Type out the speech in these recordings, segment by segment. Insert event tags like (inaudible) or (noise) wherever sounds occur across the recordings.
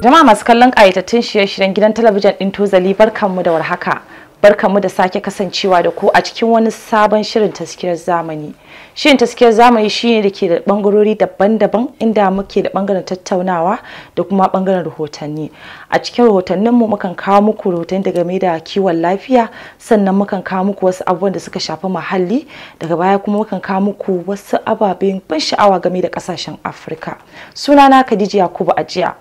Jama'a masu kallon ƙayatattun shirye-shiryen gidan talabijin ɗin Tozali barkanmu da warhaka. Barkanmu da sake kasancewa da ku a cikin wani sabon shirin taskiyar zamani. Shirin taskiyar zamani shine da ke da bangarori daban-daban inda muke da bangaren tattaunawa da kuma bangaren rahotanni. A cikin rahotanninmu mukan kawo muku rahotanni daga mai da kiwon lafiya sannan mukan kawo muku wasu abubuwan da suka shafi muhalli daga baya kuma mukan kawo muku wasu ababen ban sha'awa game da kasashen Afirka. Sunana Khadija Yakubu Ajiya.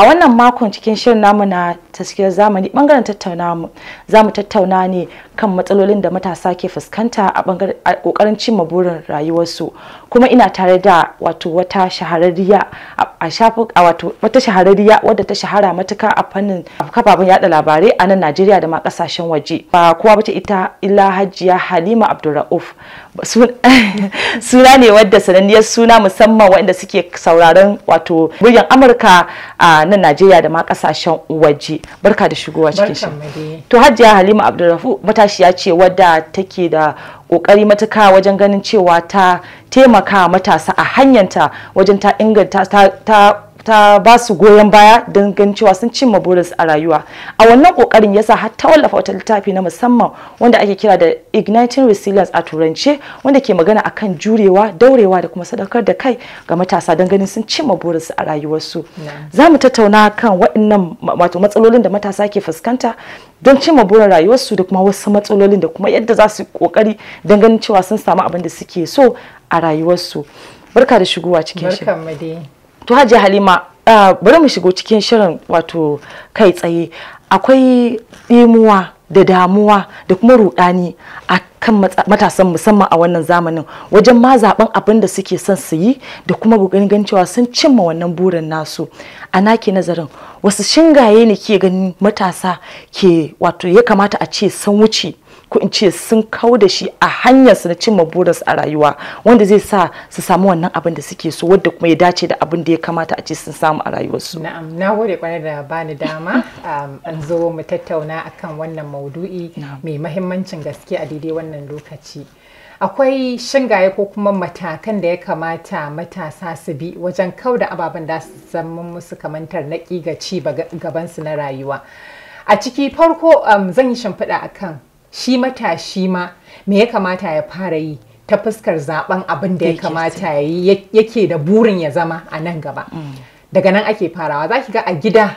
a wannan makon cikin shirin namu na taskiyar zamani bangaren tattauna mu za mu tattauna ne kan matsalolin da matasa ke fuskanta a kokarin cimma burin rayuwarsu kuma ina tare da wato wata shahararriya a wato wata shahararriya wadda ta shahara matuka a fannin kafafen yada labarai a nan Najeriya da ma kasashen waje ba kowa bace ita illa Hajiya Halima Abdulrauf (laughs) suna ne wadda sananniyar suna musamman waɗanda suke sauraron wato muryar Amurka a nan Najeriya da ma kasashen waje barka da shigowa cikin shi to Hajiya Halima Abdulrauf matashiya ce wadda take da kokari matuka wajen ganin cewa ta taimaka matasa a hanyanta wajen ta inganta ta ta ba su goyon baya don ganin cewa sun cimma burinsu a rayuwa a wannan kokarin yasa har ta wallafa wata littafi na musamman wanda ake kira da igniting resilience a turance wanda ke magana akan jurewa daurewa da kuma sadaukar da kai ga matasa don ganin sun cimma burinsu a rayuwarsu za mu tattauna kan waɗannan wato matsalolin da matasa ke fuskanta don cimma burin rayuwarsu da kuma wasu matsalolin da kuma yadda za su kokari don ganin cewa sun samu abin da suke so a rayuwarsu barka da shigowa cikin shi to hajji halima bari mu shigo cikin shirin wato kai tsaye akwai ɗimuwa da damuwa da kuma rudani a kan matasan musamman a wannan zamanin wajen ma zaben abin da suke son su yi da kuma gan cewa sun cimma wannan burin nasu a ke nazarin wasu shingaye ne ke ganin matasa ke wato ya kamata a ce sun wuce ko in ce sun kau da shi a hanyar su na cimma burinsu a rayuwa wanda zai sa su samu wannan abin da suke so wadda kuma ya dace da abin da ya kamata a ce sun samu a rayuwarsu na'am na gode kwarai da bani dama (laughs) an zo mu tattauna akan wannan maudu'i mai mahimmancin gaske a daidai wannan lokaci akwai shingaye ko kuma matakan da ya kamata matasa su bi wajen da ababen da su zama musu kamantar na ƙi ga ci gabansu na rayuwa a ciki farko zan yi shimfiɗa akan shi matashi ma me ya kamata ya fara yi ta fuskar zaben abin da ya kamata ya yake da burin ya zama a nan gaba mm. daga nan ake farawa za ki ga a gida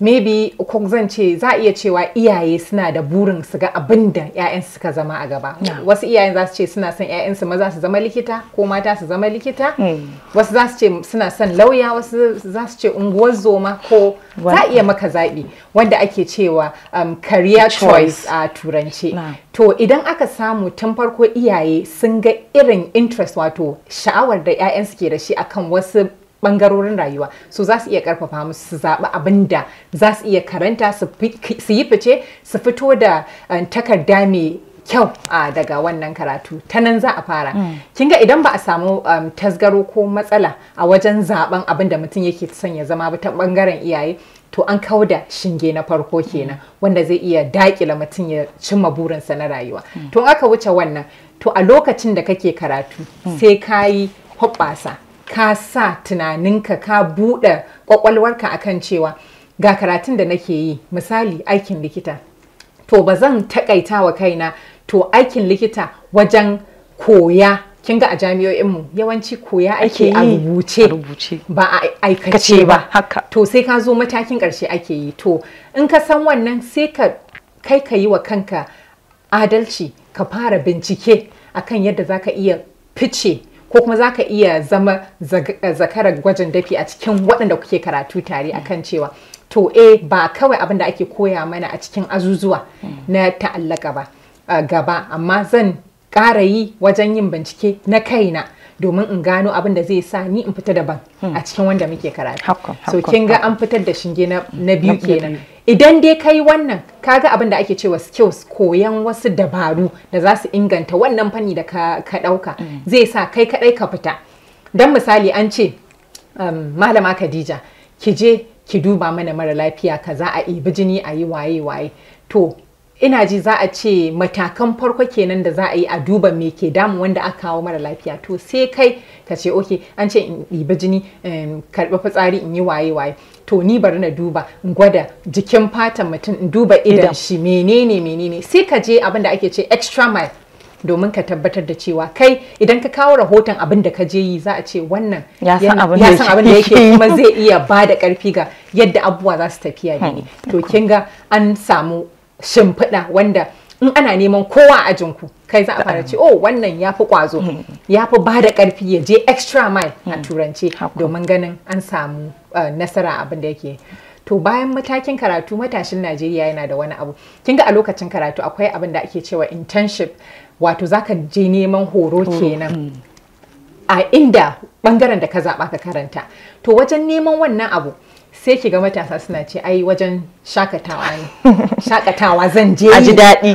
maybe kun zan ce za iya cewa iyaye suna da burin su ga abin da 'ya'yan suka zama a gaba wasu iyayen za su ce suna son 'ya'yansu maza su zama likita ko mata su zama likita hmm. wasu za su ce suna son lauya wasu za su ce unguwar zoma ko za iya maka zaɓi wanda ake cewa um, career choice a turance to idan aka samu tun farko iyaye sun ga irin interest wato sha'awar da 'ya'yan ke da shi akan wasu bangarorin rayuwa so za su iya karfafa musu su zaɓi abin da za su iya karanta su yi fice su fito da eh, takarda mai kyau daga wannan karatu ta nan za a fara mm. kin ga idan ba a samu um, tasgaro ko matsala a wajen zaben abin da mutum yake son ya zama ba ta bangaren iyaye to an kawo da shinge na farko kenan mm. wanda zai iya dakila mutum ya cimma burinsa na rayuwa mm. to aka wuce wannan to a lokacin da kake karatu sai ka yi hoɓɓasa ka sa tunaninka ka buɗe ƙwaƙwalwarka akan cewa ga karatun da nake yi misali aikin likita to ba zan takaita wa kaina to aikin likita wajen koya kin ga a jami'o'inmu yawanci koya ake a rubuce ba a aikace ba to sai ka zo matakin ƙarshe ake yi to in ka san wannan sai ka kai ka yi wa kanka adalci ka fara bincike akan yadda za ka iya fice ko kuma za ka iya zama eh, zakarar gwajin dafi a cikin waɗanda kuke karatu tare akan cewa to eh ba kawai abin da ake koya mana a cikin azuzuwa hmm. na ta'allaka ba gaba amma zan ƙara yi wajen yin bincike na kaina domin in gano abin da zai sa ni in fita daban hmm. a cikin wanda muke karatu so kin ga an fitar da shinge na biyu kenan idan dai kai wannan kaga abin da ake cewa skills koyan wasu dabaru da za su inganta wannan fanni da ka dauka hmm. zai sa kai kadai ka fita dan misali an ce um, malama Khadija ki je ki duba mana mara lafiya kaza a ibi jini a yi waye waye to ina ji za a ce matakan farko kenan da za a yi a duba me ke damu wanda aka kawo mara lafiya to sai kai ka ce oke an ce in ɗiba jini in karɓi fitsari in yi waye waye to ni bari na duba in gwada jikin fatan mutum in duba idan shi menene menene sai ka je abin da ake ce extra mile domin ka tabbatar da cewa kai idan ka kawo rahoton abin da ka je yi za a ce wannan ya san abin da yake kuma zai iya ba da karfi ga yadda abubuwa za su tafiya ne to kin ga an samu shimfiɗa wanda in ana neman kowa a ajinku kai za a fara ce oh wannan ya fi kwazo hmm. ya fi ba da ƙarfi ya je extra mile a hmm. turance domin ganin an samu uh, nasara abin da yake to bayan matakin karatu matashin najeriya yana da wani abu kin ga a lokacin karatu akwai abin da ake cewa internship wato zaka je neman horo kenan hmm. a inda bangaren da ka zaɓa ka karanta to wajen neman wannan abu sai ki ga matasa suna ce ai wajen shakatawa ne (laughs) shakatawa zan je a ji daɗi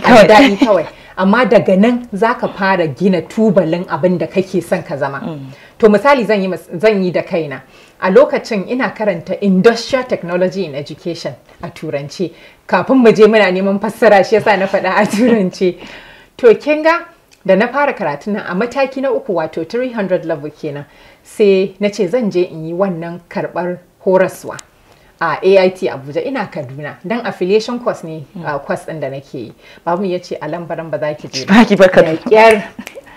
kawai amma daga nan za ka fara gina tubalin abin da kake son ka zama mm. to misali zan yi da kaina a lokacin ina karanta industrial technology in education a turance kafin mu je muna neman fassara shi yasa na faɗa a (laughs) turance to kin ga da na fara karatu nan a mataki na uku wato 300 level kenan sai na ce zan je in yi wannan karɓar horaswa a AIT Abuja ina Kaduna dan affiliation course ne hmm. a course din da nake yi babu ya ce a lambaran ba za ki je ba ki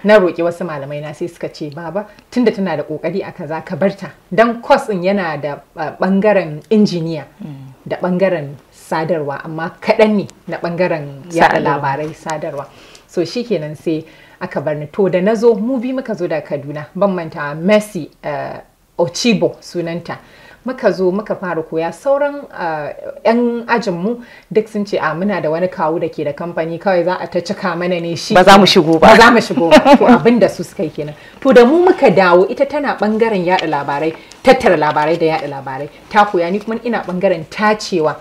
na roƙi wasu malamai na sai suka ce baba tunda tana da kokari a kaza ka barta dan course din yana da bangaren injiniya hmm. da bangaren sadarwa amma kaɗan ne na bangaren yada labarai sadarwa so shikenan sai aka bar ni to da nazo mu bi muka zo da Kaduna ban manta Messi eh, Ochibo sunanta muka zo muka fara koya sauran yan ah, ajinmu duk sun ce a ah, muna da wani kawo da ke da kamfani kawai za a ta cika mana ne shi ba za mu shigo ba ba za mu shigo ba abin da su suka yi kenan to da mu muka dawo ita tana bangaren yada labarai tattara labarai da yada labarai ta koya ni kuma ina bangaren tacewa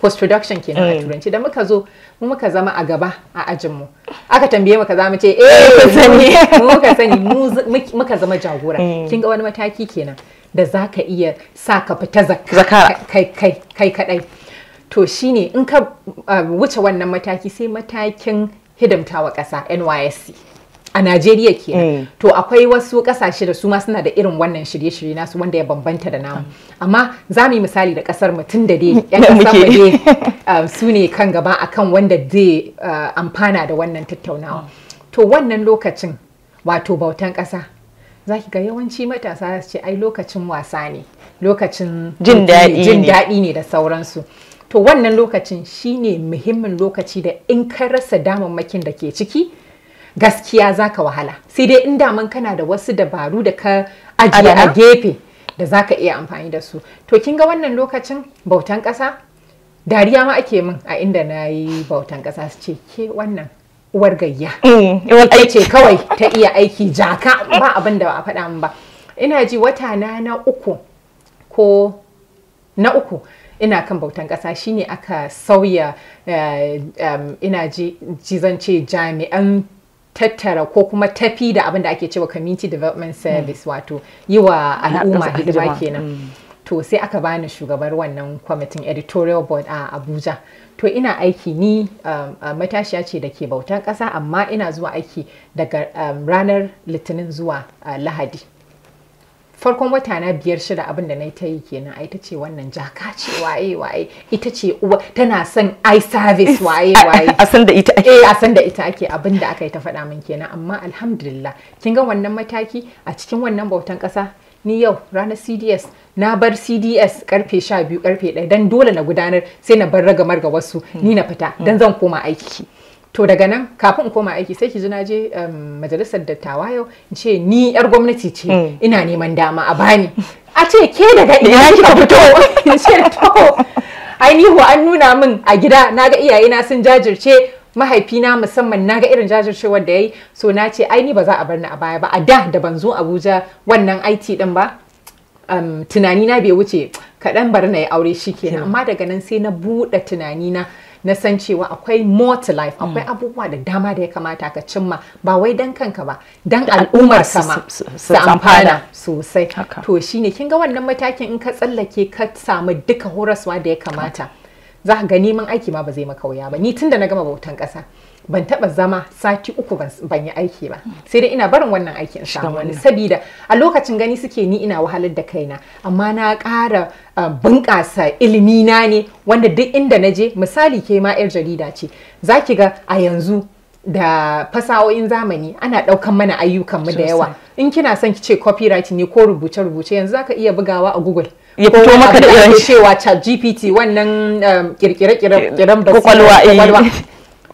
post production kenan a eh. turanci da muka zo mu muka zama a gaba a ajinmu aka tambaye maka za mu ce eh (laughs) mu muka sani muka zama jagora eh. kin ga wani mataki kenan da za ka iya sa ka fita zakara kai kadai to shine in ka uh, wuce wannan mataki sai matakin hidimtawa ƙasa nysc a Najeriya ke mm. to akwai wasu kasashe da su ma suna da irin wannan shirye-shirye nasu wanda ya bambanta da namu amma za mu yi misali da kasar mu tun da dai yan (laughs) kasar mu (laughs) uh, su ne kan gaba akan wanda zai uh, amfana da wannan tattaunawa mm. to wannan lokacin wato bautan kasa za ki ga yawanci matasa su ce ai lokacin wasa ne lokacin jin daɗi ne da sauransu to wannan lokacin shi ne muhimmin lokaci da in ka rasa damammakin da ke ciki gaskiya za ka wahala sai dai in daman kana da wasu dabaru da ka ajiye a gefe da za ka iya amfani da su to kin ga wannan lokacin bautan ƙasa dariya ma ake min a inda na yi bautan ƙasa su ce ke wannan Mm, uwar gayya ita ce kawai ta iya aiki jaka ba abin da ba a faɗa min ba ina ji wata na na uku ko na uku ina kan bautan ƙasa shine aka sauya eh, um, ina ji zance jami'an tattara ko kuma tafi da abin da ake cewa community development mm. service wato yi wa al'umma hidima kenan mm. to sai aka bani shugabar wannan kwamitin editorial board a abuja to ina aiki ni um, uh, matashiya ce da ke bautan ƙasa amma ina zuwa aiki daga um, ranar litinin zuwa uh, lahadi farkon wata na biyar shida abin da na ta yi kenan ai ta ce wannan jaka ce waye waye ita ce uwa tana son i service waye waye (laughs) a san da ita ake eh, a san da ita ake abin da aka yi ta faɗa min kenan amma alhamdulillah kin ga wannan mataki a cikin wannan bautan ƙasa ni yau ranar cds na bar cds karfe 12 karfe 1 dan dole na gudanar sai na bar ragamar ga wasu ni na fita hmm. dan zan koma aiki to daga nan kafin in koma aiki sai ki ji na je um, majalisar dattawa yau in ce ni yar gwamnati ce hmm. ina neman dama a bani a ce ke daga ina kika fito (laughs) in ce to ainihu an nuna min a gida na naga iyayena sun jajirce mahaifina musamman na ga irin jajircewar da ya yi so na ce ai ni ba za a bar ni a baya ba a da da ban zo abuja wannan it din ba um, tunanina bai wuce kaɗan bar na yi aure shi kenan amma daga nan sai na buɗe tunanina na san cewa akwai more to life hmm. akwai abubuwa da dama da ya kamata ka cimma ba wai dan kanka ba dan al'ummar sama su amfana sosai to shine kin ga wannan matakin in ka tsallake ka samu duka horaswa da ya kamata za ka ga neman aiki ma ba zai maka wuya ba ni tun da na gama bautan ƙasa ban taba zama sati uku ban yi aiki ba sai dai ina barin wannan aiki in samu wani sabida a lokacin gani suke ni ina wahalar da kaina amma na ƙara eh, bunƙasa ilimi na ne wanda duk inda na je misali ke ma yar jarida ce za ki ga a yanzu da fasahohin zamani ana ɗaukan mana ayyukan mu da yawa in kina son ki ce copyright ne ko rubuce-rubuce yanzu za ka iya bugawa a google ya fito maka da irin cewa chat GPT wannan um, kirkire eh, eh. kwakwalwa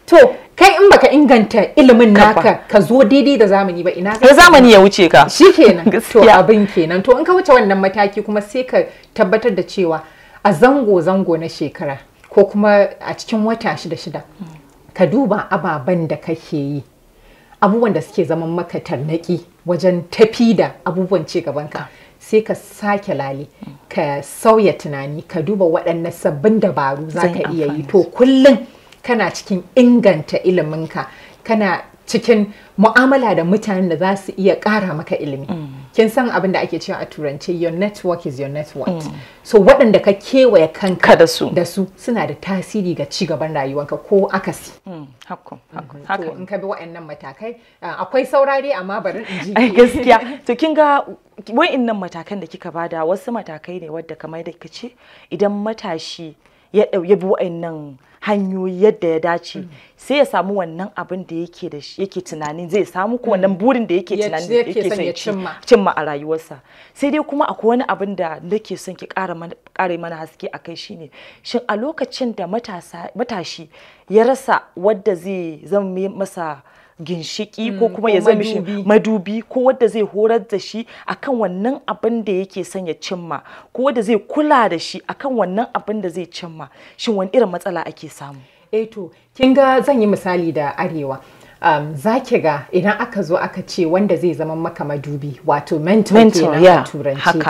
to kai in baka inganta ilimin naka ka zo daidai da zamani ba ina ka zamani ya wuce ka shikenan (laughs) to abin kenan to in ka wuce wannan mataki kuma sai ka tabbatar da cewa a zango zango na shekara ko kuma a cikin wata shida shida ka duba ababen da kake yi abubuwan da suke zaman maka tarnaki wajen tafi da abubuwan ci ka. sai ka sake lale ka sauya tunani ka duba waɗannan sabbin dabaru za ka iya yi to kullum kana cikin inganta iliminka kana cikin mu'amala da mutanen da za su iya ƙara maka ilimi. Mm. kin san abin da ake cewa a turance your network is your net worth mm. so waɗanda ka kewaye kanka da su da su suna da tasiri ga ci gaban rayuwanka ko akasi mm. hakko hakko mm-hmm. in ka bi waɗannan matakai uh, akwai saurare amma bari in ji gaskiya (laughs) to kin ga waɗannan matakan da kika bada wasu matakai ne wadda kamar da kace idan matashi ya bi waɗannan hanyoyi yadda ya dace mm. sai ya samu wannan abin da yake da shi tunanin zai samu ko wannan mm. burin da yake tunanin da yake son cimma a rayuwarsa sai dai kuma akwai wani abin da nake son ki kare mana haske akai shine shin a lokacin da matashi ya rasa wadda zai zama masa ginshiki ko mm, kuma ya zama shi madubi ko wanda zai horar da shi akan wannan abin da yake son ya cimma ko wanda zai kula da shi akan wannan abin da zai cimma shin wani irin matsala ake samu eh to kin ga zan yi misali da arewa um, za ga idan aka zo aka ce wanda zai zama maka madubi wato mentor kenan yeah, a turanci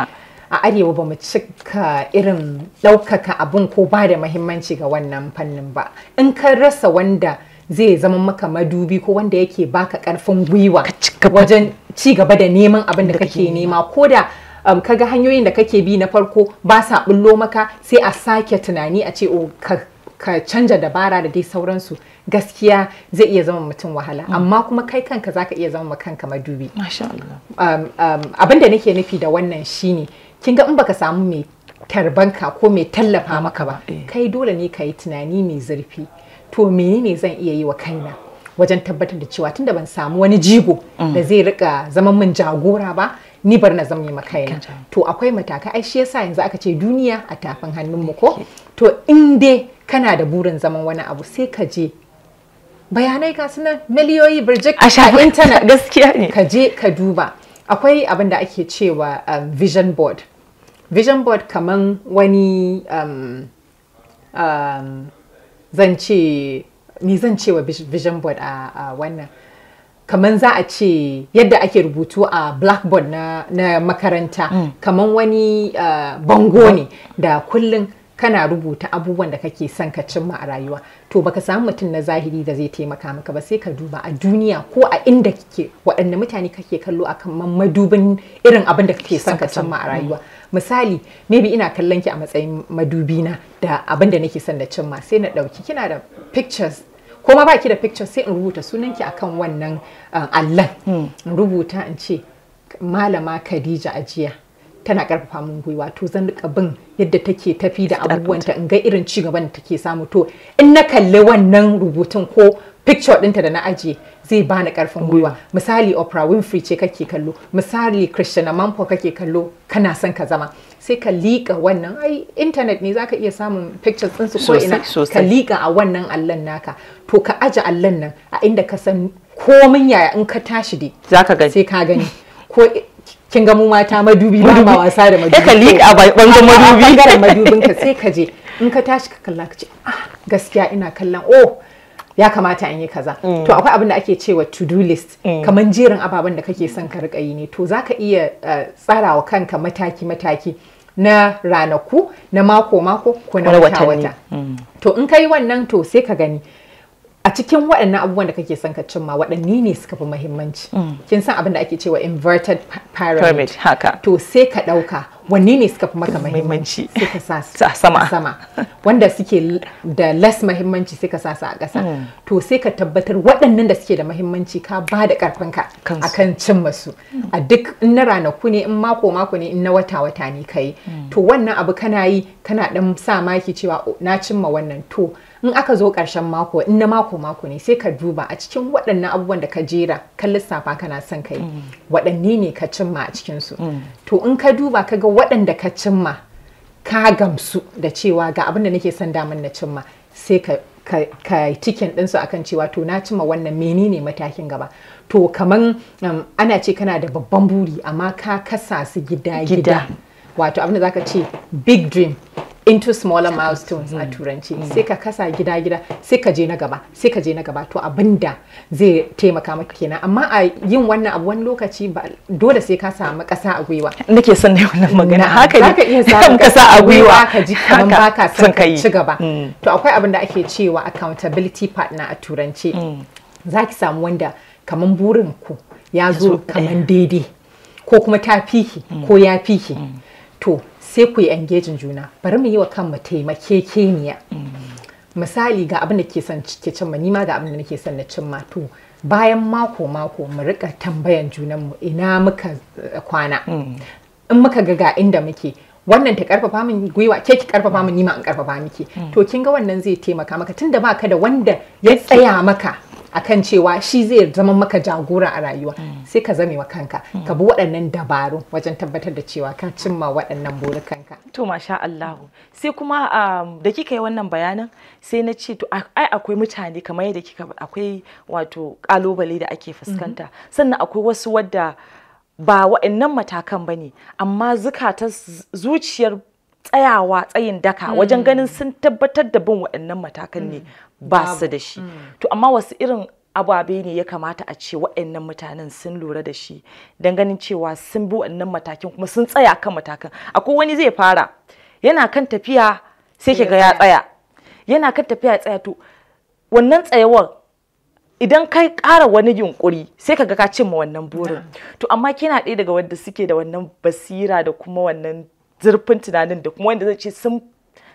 a arewa ba mu cika irin ɗaukaka abun ko ba da muhimmanci ga wannan fannin ba in ka rasa wanda zai zama maka madubi ko wanda yake baka karfin gwiwa wajen ci gaba da neman abin da kake nema ko da um, kaga hanyoyin da kake bi na farko ba sa bullo maka sai a sake tunani a ce o oh, ka, ka canja dabara da dai sauransu gaskiya zai iya zama mutum wahala mm. amma kuma kai kanka zaka iya zama kanka madubi um, um, abin da nake nufi da wannan shine kin ga in baka samu mai tarbanka ko mai tallafa maka ba eh. kai dole ne ka yi tunani mai zurfi to menene zan iya yi wa kaina wajen tabbatar da cewa tunda ban samu wani jigo mm. da zai rika zaman min jagora ba ni bar na zama ma kaina to akwai matakai ai shi yasa yanzu aka ce duniya a tafin hannun mu ko to in dai kana da burin zaman wani abu sai ka je bayanai ka sunan miliyoyi birjik a intanet gaskiya ne ka je ka duba akwai abin da ake cewa um, vision board vision board kaman wani um, um zance, me ni zan ce wa vision board a wannan kamar za a ce yadda ake rubutu a blackboard na, na makaranta mm. kamar wani uh, bango ne da kullum kana rubuta abubuwan da kake son ka cimma a rayuwa to baka samu mutum na zahiri da zai taimaka maka ba sai ka duba a duniya ko a inda kike waɗanne mutane kake kallo a kan madubin irin abin da kake son ka cimma a rayuwa mm. misali maybe ina kallon ki a matsayin madubina da abinda nake son da cimma sai na ɗauki kina da pictures ko ma baki da pictures sai in rubuta sunanki akan wannan uh, allah hmm. in rubuta in ce malama Khadija ajiya tana karfafa min gwiwa to zan rika bin yadda take tafi da abubuwanta in ga irin ci gaban da take samu to in na kalli wannan rubutun ko picture ɗinta da na ajiye zai bani karfin gwiwa misali Oprah Winfrey ce kake kallo misali Christian Amanpo kake kallo kana son ka zama sai ka liƙa wannan ai internet ne zaka iya samun pictures ɗinsu ko ina ka liƙa a wannan allon naka to ka aje allon nan a inda ka san komin yaya in ka tashi dai zaka gani sai ka gani ko kin ga mu mata madubi ba ma wasa da madubi ka liƙa a bangon madubi bangaren (laughs) madubin ka sai ka je in ka tashi ka kalla ka ce ah gaskiya ina kallon oh ya kamata an yi kaza mm. to akwai abin da ake cewa to do list mm. kamar jerin ababen da kake son ka rika yi ne to zaka iya eh, tsara wa kanka mataki mataki na ranaku na mako mako ko na wata wata mm. to in kai wannan to sai ka gani a cikin waɗannan abubuwan da kake son ka cimma waɗanni ne suka fi muhimmanci mm. kin san abin da ake cewa inverted pyramid, pyramid haka to sai ka ɗauka wanne ne suka fi maka mahimmanci suka sa sama sama wanda suke da less mahimmanci suka sa su a ƙasa hmm. to sai ka tabbatar waɗannan da suke da mahimmanci ka ba da ƙarfinka akan cin masu a duk in na ranaku ne in mako mako ne in na wata wata ne kai hmm. to wannan abu kana yi kana ɗan sa maki cewa oh, na cimma wannan to in aka zo karshen mako in na mako mako ne sai ka duba a cikin waɗannan abubuwan da ka jera ka lissafa kana son kai yi mm. waɗanne ne ka cimma a cikinsu mm. to in ka duba ka ga waɗanda ka cimma ka gamsu da cewa ga abin da nake son daman na cimma sai ka ka tikin ɗinsu kan cewa to na cima wannan menene matakin gaba to kaman um, ana ce kana da babban buri amma ka kasa su gida gida wato abinda zaka ce big dream into smaller milestones a mm. turanci mm. sai ka kasa gida gida sai ka je na gaba sai ka je na gaba to abinda zai taimaka maka kenan amma a yin wannan abu wani lokaci ba dole sai ka samu kasa a gwiwa nake son ne wannan magana haka ne ka iya samu kasa (laughs) a gwiwa ka ji kaman baka son ka ci gaba mm. to akwai abinda ake cewa accountability partner a turanci zaki samu wanda kaman burin ku ya zo kaman daidai ko kuma ta fihi ko ya fihi to sai ku yi engaging juna bari mu yi wa kanmu taimakekeniya misali ga abin da ke son cike cimma ni ma ga abin da nake son na cimma to bayan mako mako mu rika tambayan junanmu ina muka eh, kwana in muka ga ga inda muke wannan ta karfafa min gwiwa ke ki karfafa min nima in karfafa miki to kin ga wannan zai taimaka maka tunda baka da wanda ya tsaya maka akan cewa shi zai zama maka jagora a rayuwa mm. sai ka zame kanka mm. ka bi waɗannan dabaru wajen tabbatar da cewa ka cimma waɗannan kanka. to masha Allah sai kuma um, da kika yi wannan bayanan sai na ce to ai akwai mutane kamar yadda kika akwai wato kalobale da ake fuskanta mm-hmm. sannan akwai wasu wadda ba waɗannan matakan ba ne amma zuciyar tsayawa tsayin daka hmm. wajen ganin sun tabbatar da bin waɗannan matakan ne hmm. ba su da shi hmm. to amma wasu irin ababe ne ya kamata a ce waɗannan mutanen sun lura da shi don ganin cewa sun bi waɗannan matakin kuma sun tsaya kan matakan akwai wani zai fara yana kan tafiya sai ga ya tsaya yana kan tafiya tsaya to wannan tsayawar idan kai ƙara wani yunkuri sai ka ga ka cimma wannan burin to amma kina ɗaya daga wanda suke da wannan basira da kuma wannan zurfin tunanin da kuma wanda zai ce sun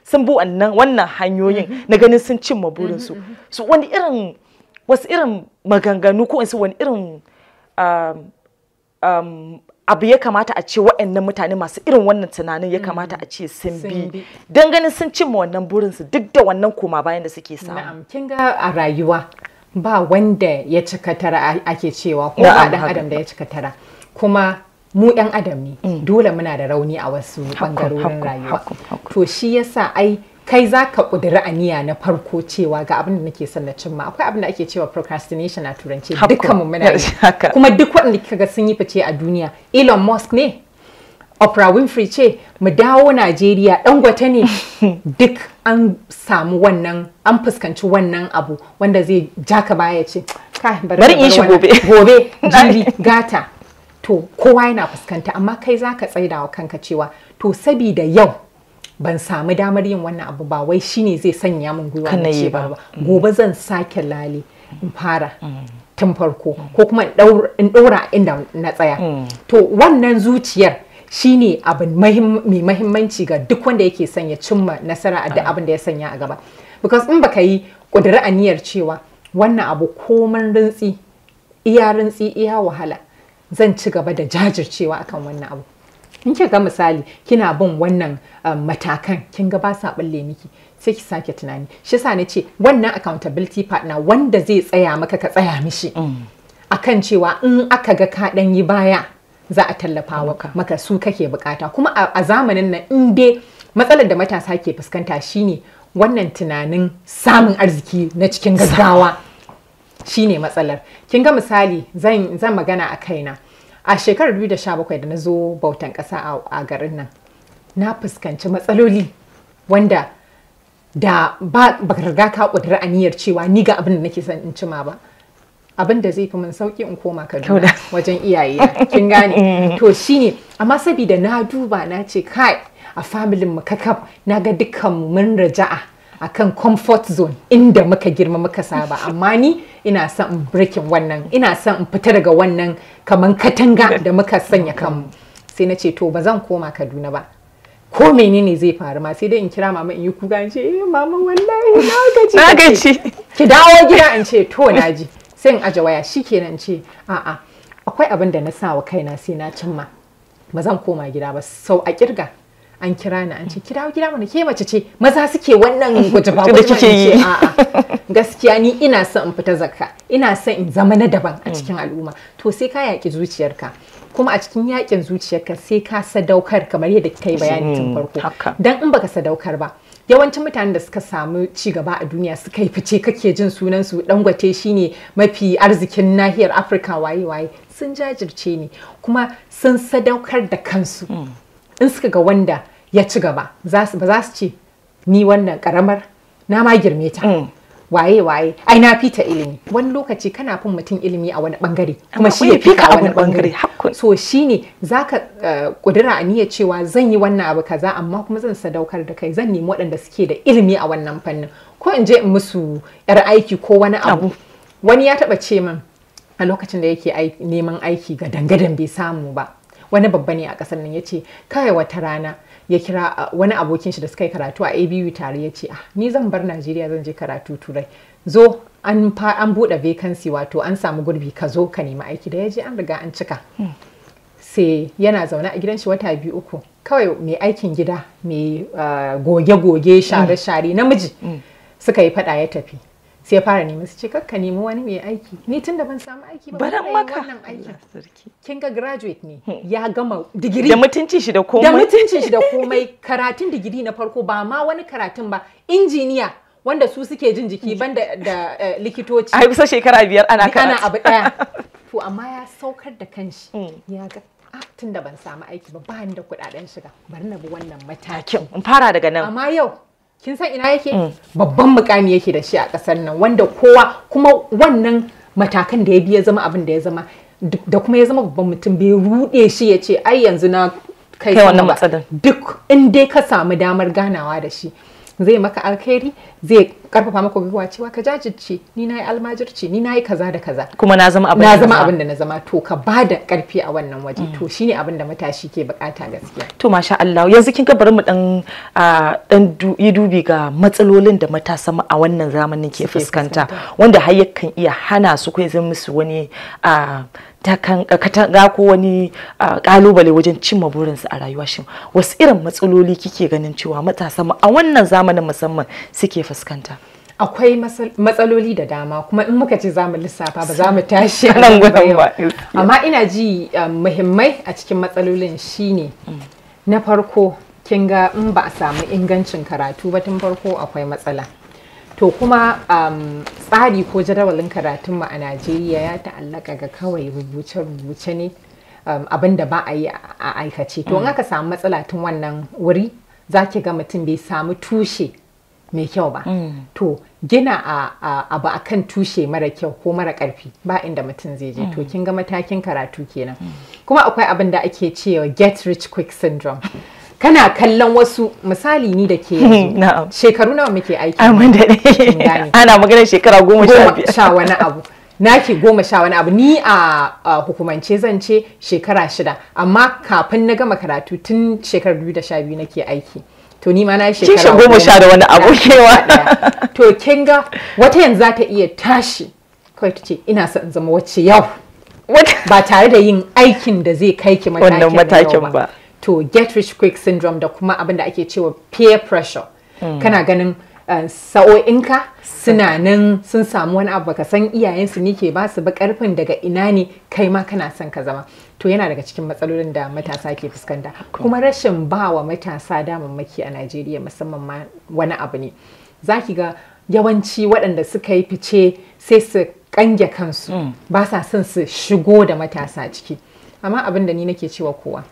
sun bi wannan wannan hanyoyin mm-hmm. na ganin sun cimma burinsu mm-hmm, mm-hmm. su wani irin wasu irin maganganu ko su wani irin um, um, abu ya kamata a ce waɗannan mutane masu irin wannan tunanin ya kamata a ce sun bi don ganin sun cimma wannan burinsu duk da wannan koma bayan da suke samu. Na'am kin ga a rayuwa ba wanda ya cika tara ake cewa ko ba adam da ya cika tara kuma mu yan adam ne mm. dole muna da rauni a wasu bangarorin rayuwa to shi yasa ai kai za ka ƙudiri aniya na farko cewa ga abin da nake son na cimma akwai abin da ake cewa procrastination a turance dukkan mu muna (laughs) kuma duk waɗanda kika ga sun yi fice a duniya Elon Musk ne Oprah Winfrey ce mu dawo Najeriya dangote ne (laughs) duk an samu wannan an fuskanci wannan abu wanda zai ja ka baya ce bari in shi gobe gobe (laughs) jiri gata to kowa yana fuskanta amma kai za ka tsaida wa kanka cewa to sabida yau ban samu damar yin wannan abu ba wai shine zai sanya min gwiwa na ce ba mm. gobe zan sake lale in fara mm. tun farko mm. ko kuma in ɗora inda na tsaya to wannan zuciyar shine abin mai mahimmanci ga duk wanda yake son ya cimma nasara a abin da ya sanya a gaba because in baka yi kudura aniyar cewa wannan abu komin rintsi iya rintsi iya wahala zan ci gaba da jajircewa akan wannan abu in kika ga misali kina bin wannan um, matakan kin ga ba sa miki sai ki sake tunani shi sa ce wannan accountability partner wanda zai tsaya maka ka tsaya mishi mm. akan cewa in aka ga ka dan yi baya za a tallafa maka su kake bukata kuma a zamanin nan in dai matsalar da matasa ke fuskanta shine wannan tunanin samun arziki na cikin gaggawa shine matsalar kin ga misali zan zan magana a kaina a shekarar 2017 da na zo bautan ƙasa a garin nan na fuskanci matsaloli wanda da ba riga ka ƙudura aniyar cewa ni ga abin da nake son in cima ba abin da zai fi min sauki in koma Kaduna (laughs) wajen iyaye kin gane (laughs) mm. to shine amma sabida na duba na ce kai a familin mu kakaf na ga dukkan mun raja'a akan comfort zone inda muka girma muka saba amma ni ina son in breaking wannan ina son in fita daga wannan kaman katanga da muka sanya kanmu sai na ce to ba zan koma kaduna ba ko menene zai faru ma sai dai in kira mama in yi kuka in ce eh mama wallahi na gaji na gaji ki dawo gida in ce to naji sai in aje waya shikenan in ce a'a akwai abin da na sa wa kaina sai na cimma ba zan koma gida ba sau a kirga an kira ni an ce kira gida mana ke mace ce maza suke wannan gutuba (laughs) da kike yi a'a gaskiya ni ina son in fita zakka ina son in zama na daban a mm. cikin al'umma to sai ka yaki zuciyarka kuma a cikin yakin zuciyarka sai ka sadaukar kamar yadda kika yi bayani tun mm, farko dan in baka sadaukar ba yawancin mutanen da suka samu ci gaba a duniya suka yi fice kake jin sunan su dangote shine mafi arzikin nahiyar afirka waye waye sun jajirce ne kuma sun sadaukar da kansu mm. in suka ga wanda ya ci gaba ba za su ce ni wannan karamar na ma girme ta mm. waye waye ai na fita ilimi wani lokaci kana fin mutum ilimi a wani bangare kuma shi ya fika a wani bangare so shine zaka kudura eh, niyya cewa zan yi wannan abu kaza amma kuma zan sadaukar da kai zan nemi waɗanda suke da ilimi a wannan fannin ko in je in musu yar aiki ko wani abu wani ya taba ce min a lokacin da yake neman aiki ga dangadan bai samu ba wani babba ne a ƙasar nan ya ce kai wata rana ya kira wani abokin shi da suka yi karatu a abu tare ya ce ah ni zan bar najeriya zan je karatu turai zo an buɗe vacancy wato an samu gurbi ka zo ka nemi aiki da ya je an riga an cika hmm. sai yana zaune a gidan shi wata biyu uku kawai mai aikin gida mai goge-goge hmm. share-share namiji hmm. suka yi fada ya tafi sai fara neman su ce kakka nemi wani mai aiki ni tun da ban samu aiki ba baran maka wannan aikin kin ga graduate ne hmm. ya gama digiri da mutuncin shi da komai da mutuncin shi da komai karatun digiri na farko ba ma wani karatun ba injiniya wanda su suke jin jiki hmm. banda da eh, likitoci ai kusa shekara biyar ana karatu ana abu daya to amma ya saukar da kanshi hmm. ya ga ah, tun da ban samu aiki ba ba ni da kudaden shiga bari na bi wannan matakin in fara daga nan amma yau kin san ina yake mm. babban mukami yake da shi a kasar nan wanda kowa kuma wannan matakan da ya bi ya zama abin da ya zama da kuma ya zama babban mutum bai rude shi ya ce ai yanzu na kai wannan matsalar duk in dai ka samu damar ganawa da shi zai maka alkhairi zai karfafa maka gwiwa cewa ka jajirce ni na yi almajirci ni na yi kaza da kaza kuma na zama abin na zama abin da na zama to ka ba da karfi a wannan waje mm. to shine abin da matashi ke bukata gaskiya to masha Allah yanzu kin ga bari mu dan dan yi dubi ga matsalolin da matasa a wannan zamanin ke fuskanta wanda har yakan iya hana su ko zama musu wani katanga ko wani kalubale wajen cimma burinsu a rayuwa shin wasu irin matsaloli kike ganin cewa matasa a wannan zamanin musamman suke fuskanta akwai matsaloli da dama kuma in muka ce zamu lissafa ba za mu (laughs) tashi a nan (laughs) gudun ba amma ina ji muhimmai a cikin matsalolin shine mm. na farko kin ga in ba a samu ingancin karatu ba tun farko akwai matsala to kuma um, tsari ko jadawalin karatunmu a najeriya ya ta'allaka ga kawai rubuce-rubuce ne um, abin da ba a yi a aikace to in mm. aka samu matsala tun wannan wuri za ki ga mutum bai samu tushe mai kyau ba mm. to gina abu a kan tushe mara kyau ko mara karfi ba inda mutum zai je to mm. kin ga matakin karatu kenan kuma akwai abin da ake cewa get rich quick syndrome kana kallon wasu misali ni da ke (laughs) shekaru nawa muke aiki amin da (laughs) ana magana shekara goma sha wani abu ke goma sha wani abu ni a hukumance zan ce shekara shida amma kafin na gama karatu tun shekarar 2012 nake aiki to ni ma na shekara goma sha da wani abu kewa to kin ga wata yanzu za ta iya tashi kawai ta ce ina son zama wacce yau ba tare da yin aikin da zai kai ki matakin ba to get rich quick syndrome da kuma abin da ake cewa peer pressure hmm. kana ganin eh, sa'o'inka suna nan sun samu wani abu baka san iyayensu nike ke basu ba karfin daga ina ne kai ma kana son ka zama to yana daga cikin matsalolin da matasa ke fuskanta kuma rashin ba wa matasa damammaki a Najeriya musamman ma wani abu ne zaki ga yawanci waɗanda suka yi fice sai su kange kansu hmm. ba sa son su shigo da matasa ciki amma abin da ni nake cewa kowa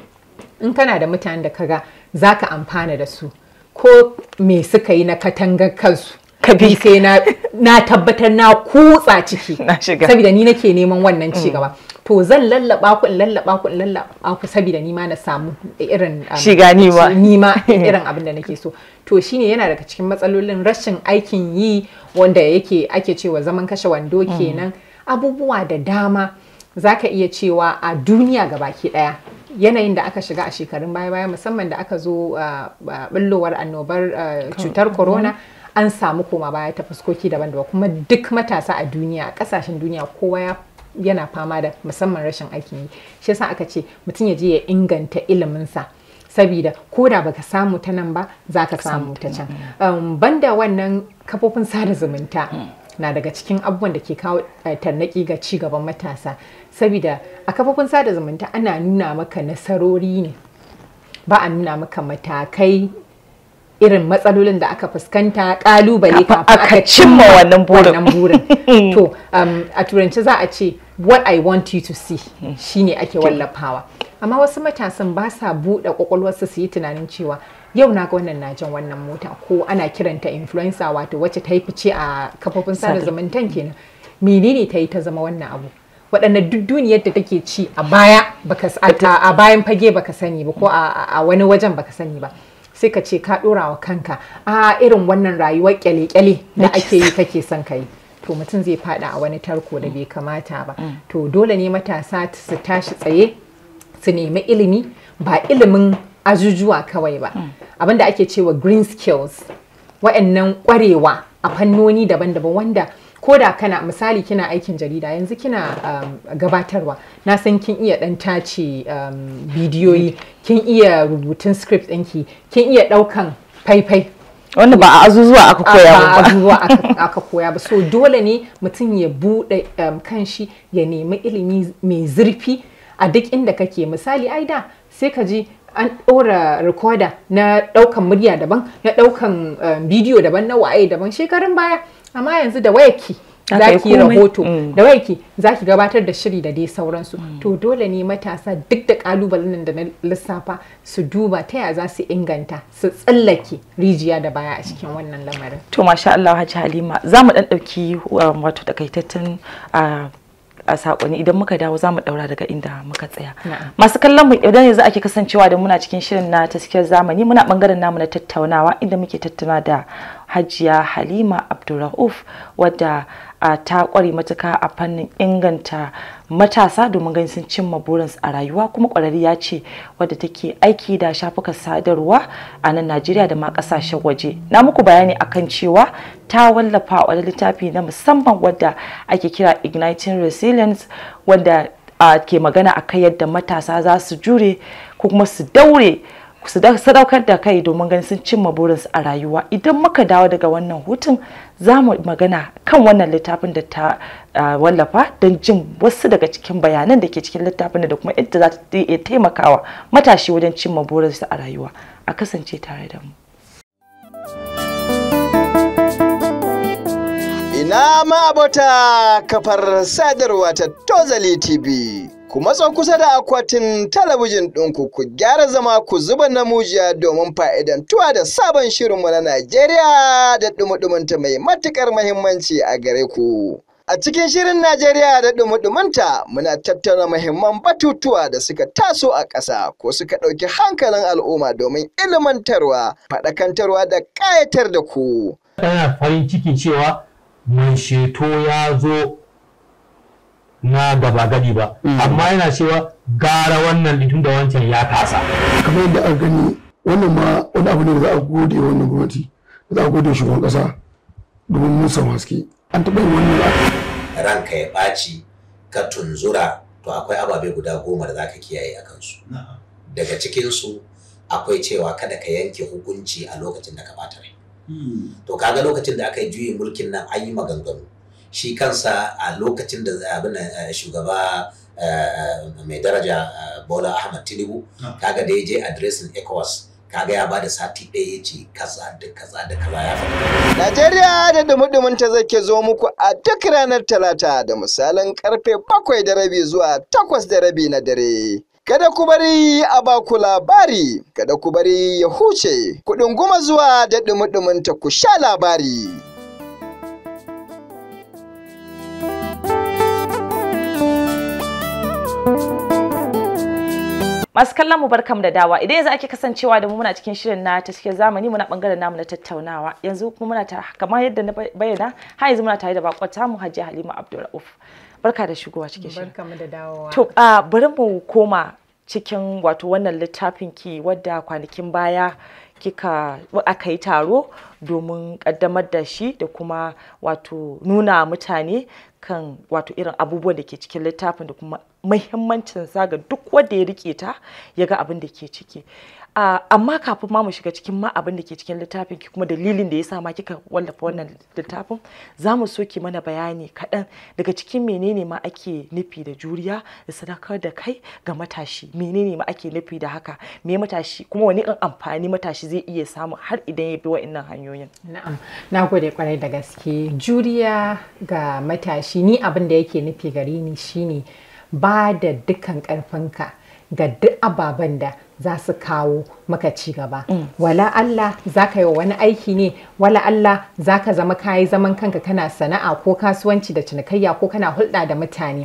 in kana da mutane da kaga za ka amfana da su ko me suka yi na katangar kansu kabi sai na tabbatar na kutsa ciki (laughs) saboda ni nake neman wannan ci gaba mm. to zan lallaba ku in lallaba ku in lallaba ku saboda ni ma na samu irin um, shiga ni ma (laughs) ni ma (laughs) irin abin da nake so to shine yana daga cikin matsalolin rashin aikin yi wanda yake ake cewa zaman kashe wando mm. kenan abubuwa da dama zaka iya cewa a duniya gabaki daya yanayin da aka shiga a shekarun baya baya musamman da aka zo bullowar uh, uh, annobar uh, cutar corona an samu koma baya ta fuskoki daban-daban kuma duk matasa a duniya a kasashen duniya kowa ya yana fama da musamman rashin aikin yi shi yasa aka ce mutum ya je ya inganta iliminsa sabida ko da baka samu ta nan ba za ka samu ta can mm. um, banda wannan kafofin sada zumunta mm. na daga cikin abubuwan da ke kawo eh, tarnaki ga ci gaban matasa saboda a kafofin sada zumunta ana nuna maka nasarori ne ba a nuna maka matakai irin matsalolin da aka fuskanta kalubale kafin aka cimma wannan burin (laughs) to um, a turanci za a ce what i want you to see hmm. shine ake wallafawa amma wasu matasan ba sa buɗe su su yi tunanin cewa yau na ga wannan najan wannan mota ko ana kiranta influencer wato wacce ta yi fice a kafofin sada zumuntan kenan menene ta yi ta zama wannan abu waɗanne duk duniyar da take ci a baya baka a bayan fage baka sani ba ko a wani wajen baka sani ba sai ka ce ka dora wa kanka a irin wannan rayuwar kyale-kyale da ake yi kake son ka yi to mutum zai fada a wani tarko da mm. bai kamata ba mm. to dole ne matasa su tashi tsaye su nemi ilimi ba ilimin ajujuwa kawai ba hmm. abin da ake cewa green skills wa'annan kwarewa a fannoni daban-daban wanda koda kana misali kina aikin jarida yanzu kina um, gabatarwa na san kin iya dan tace um, bidiyoyi kin iya rubutun script ɗinki kin iya ɗaukan faifai wanda ba a azuzuwa aka koya ba a azuzuwa aka koya ba so dole ne mutum ya bude um, kanshi ya nemi ilimi mai zurfi a duk inda kake misali ai da sai ka ji an ɗora recorder na ɗaukan murya daban na ɗaukan eh, bidiyo daban na waye daban shekarun baya amma yanzu da wayaki za ki yi rahoto mm. da wayaki za ki gabatar da shiri da dai sauransu mm. to dole ne matasa duk da kalubalen da na lissafa su duba ta ya za su inganta su tsallake rijiya da baya a cikin wannan lamarin to masha Allah haji Halima za mu dan dauki um, wato takaitaccen ah, a sakonni idan muka dawo za mu daura daga inda muka tsaya masu kallon mu idan yanzu ake kasancewa da muna cikin shirin na taskiyar zamani muna bangaren namu na tattaunawa inda muke tattauna da hajiya halima abdulrauf wadda ta kware matuka a fannin inganta matasa domin ganin sun cimma burinsu a rayuwa kuma ya ce wadda take aiki da shafukan sadarwa a nan najeriya da ma kasashen waje na muku bayani akan cewa ta wallafa wani littafi na musamman wadda ake kira igniting resilience wadda ke magana akan yadda matasa za su jure ko kuma su daure su sadaukar da kai domin ganin sun cimma burinsu a rayuwa idan muka dawo daga wannan hutun za mu magana kan wannan littafin da ta wallafa don jin wasu daga cikin bayanan da ke cikin littafin da kuma yadda za ta iya taimakawa matashi wajen cimma burinsu a rayuwa a kasance tare da mu ina ma abota kafar sadarwa ta tozali tv ku matso kusa da akwatin talabijin ɗinku ku gyara zama ku zuba namujiya domin fa'idantuwa da sabon shirinmu na Najeriya da ɗumuɗuminta mai matuƙar mahimmanci a gare ku. A cikin shirin Najeriya da ɗumuɗuminta muna tattauna mahimman batutuwa da suka taso a ƙasa ko suka ɗauki hankalin al'umma domin ilimantarwa, faɗakantarwa da ƙayatar da ku. Ana farin ciki cewa mai sheto ya zo na gaba gadi ba mm. amma yana cewa gara wannan litun da wancan ya kasa kamar yadda an gani wannan ma wani abu ne da za a gode wannan gwamnati da za a gode shugaban kasa domin mun samu haske an taɓa yin wannan ba ranka ya ɓaci ka tunzura to akwai ababe guda goma da zaka kiyaye a kansu daga cikinsu akwai cewa kada ka yanke hukunci a lokacin da ka bata rai hmm. to kaga lokacin da aka yi juyin mulkin nan an yi maganganu shi kansa a lokacin da abin eh, shugaba eh, mai daraja eh, bola ahmad tinubu ah. kaga da ya je adresin ecowas kaga ya bada sati ɗaya ya ce kaza da kaza da kaza ya faru. Najeriya da dumudumin ta zake zo muku a duk ranar talata da misalin karfe bakwai da rabi zuwa takwas da rabi na dare. Kada ku bari a baku labari, kada ku bari ya huce, kuɗin goma zuwa da dumudumin ta ku sha labari. Masu kallon mu barkam da dawa idan yanzu ake kasancewa da mu muna cikin shirin na ta cikin zamani muna bangaren namu na tattaunawa yanzu kuma muna ta kamar yadda na bayyana har yanzu muna tare da bakwata mu Hajji Halima Abdulrauf. Barka da shigowa cikin shirin. Barkamu da dawowa. To a bari mu koma cikin wato wannan littafin ki wadda kwanakin baya kika aka yi taro domin kaddamar da shi da kuma wato nuna mutane kan wato irin abubuwan da ke cikin littafin da kuma mahimmancin sa ga duk wanda ya rike ta ya ga abin da ke ciki amma kafin ma mu shiga cikin ma abin da ke cikin littafin ki kuma dalilin da ya sa ma kika wallafa wannan littafin za mu so mana bayani kaɗan daga cikin menene ma ake nufi da juriya da sadakar da kai ga matashi menene ma ake nufi da haka me matashi kuma wani irin amfani matashi zai iya samu har idan ya bi wa'annan hanyoyin na'am na gode kwarai da gaske juriya ga matashi ni abin da yake nufi gari ni shine ba da dukkan karfinka ga duk ababen da za su kawo maka ci gaba mm. wala Allah za ka yi wani aiki ne wala Allah za ka zama kayi zaman kanka kana sana'a ko kasuwanci da cinikayya ko kana hulɗa da mutane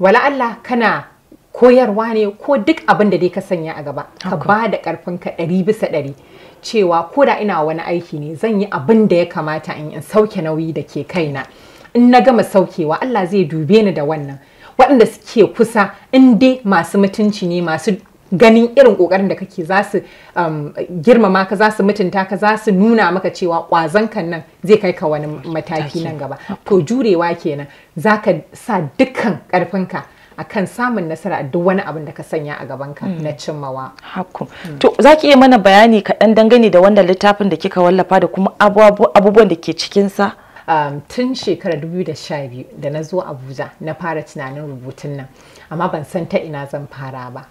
wala Allah kana koyarwa ne ko duk abin da dai ka sanya a gaba ka ba da ƙarfinka ɗari bisa ɗari cewa ko da ina wani aiki ne zan yi abin da ya kamata in sauke nauyi da ke kaina in na gama saukewa Allah zai dube ni da wannan waɗanda suke kusa in dai masu mutunci ne masu ganin irin kokarin da kake za su um, girmama ka za su mutunta ka za su nuna maka cewa kwazon kan nan zai kai ka wani mataki nan gaba to jurewa kenan za ka sa dukkan karfinka akan samun nasara a duk wani abin da ka sanya a gabanka ka hmm. na cimmawa. haku hmm. To za ki iya mana bayani kaɗan dangane da wannan littafin da kika wallafa da kuma abubuwan da ke cikinsa? Um, tun shekarar 2012 da na zo Abuja na fara tunanin rubutun nan, amma ban san ta ina zan fara ba.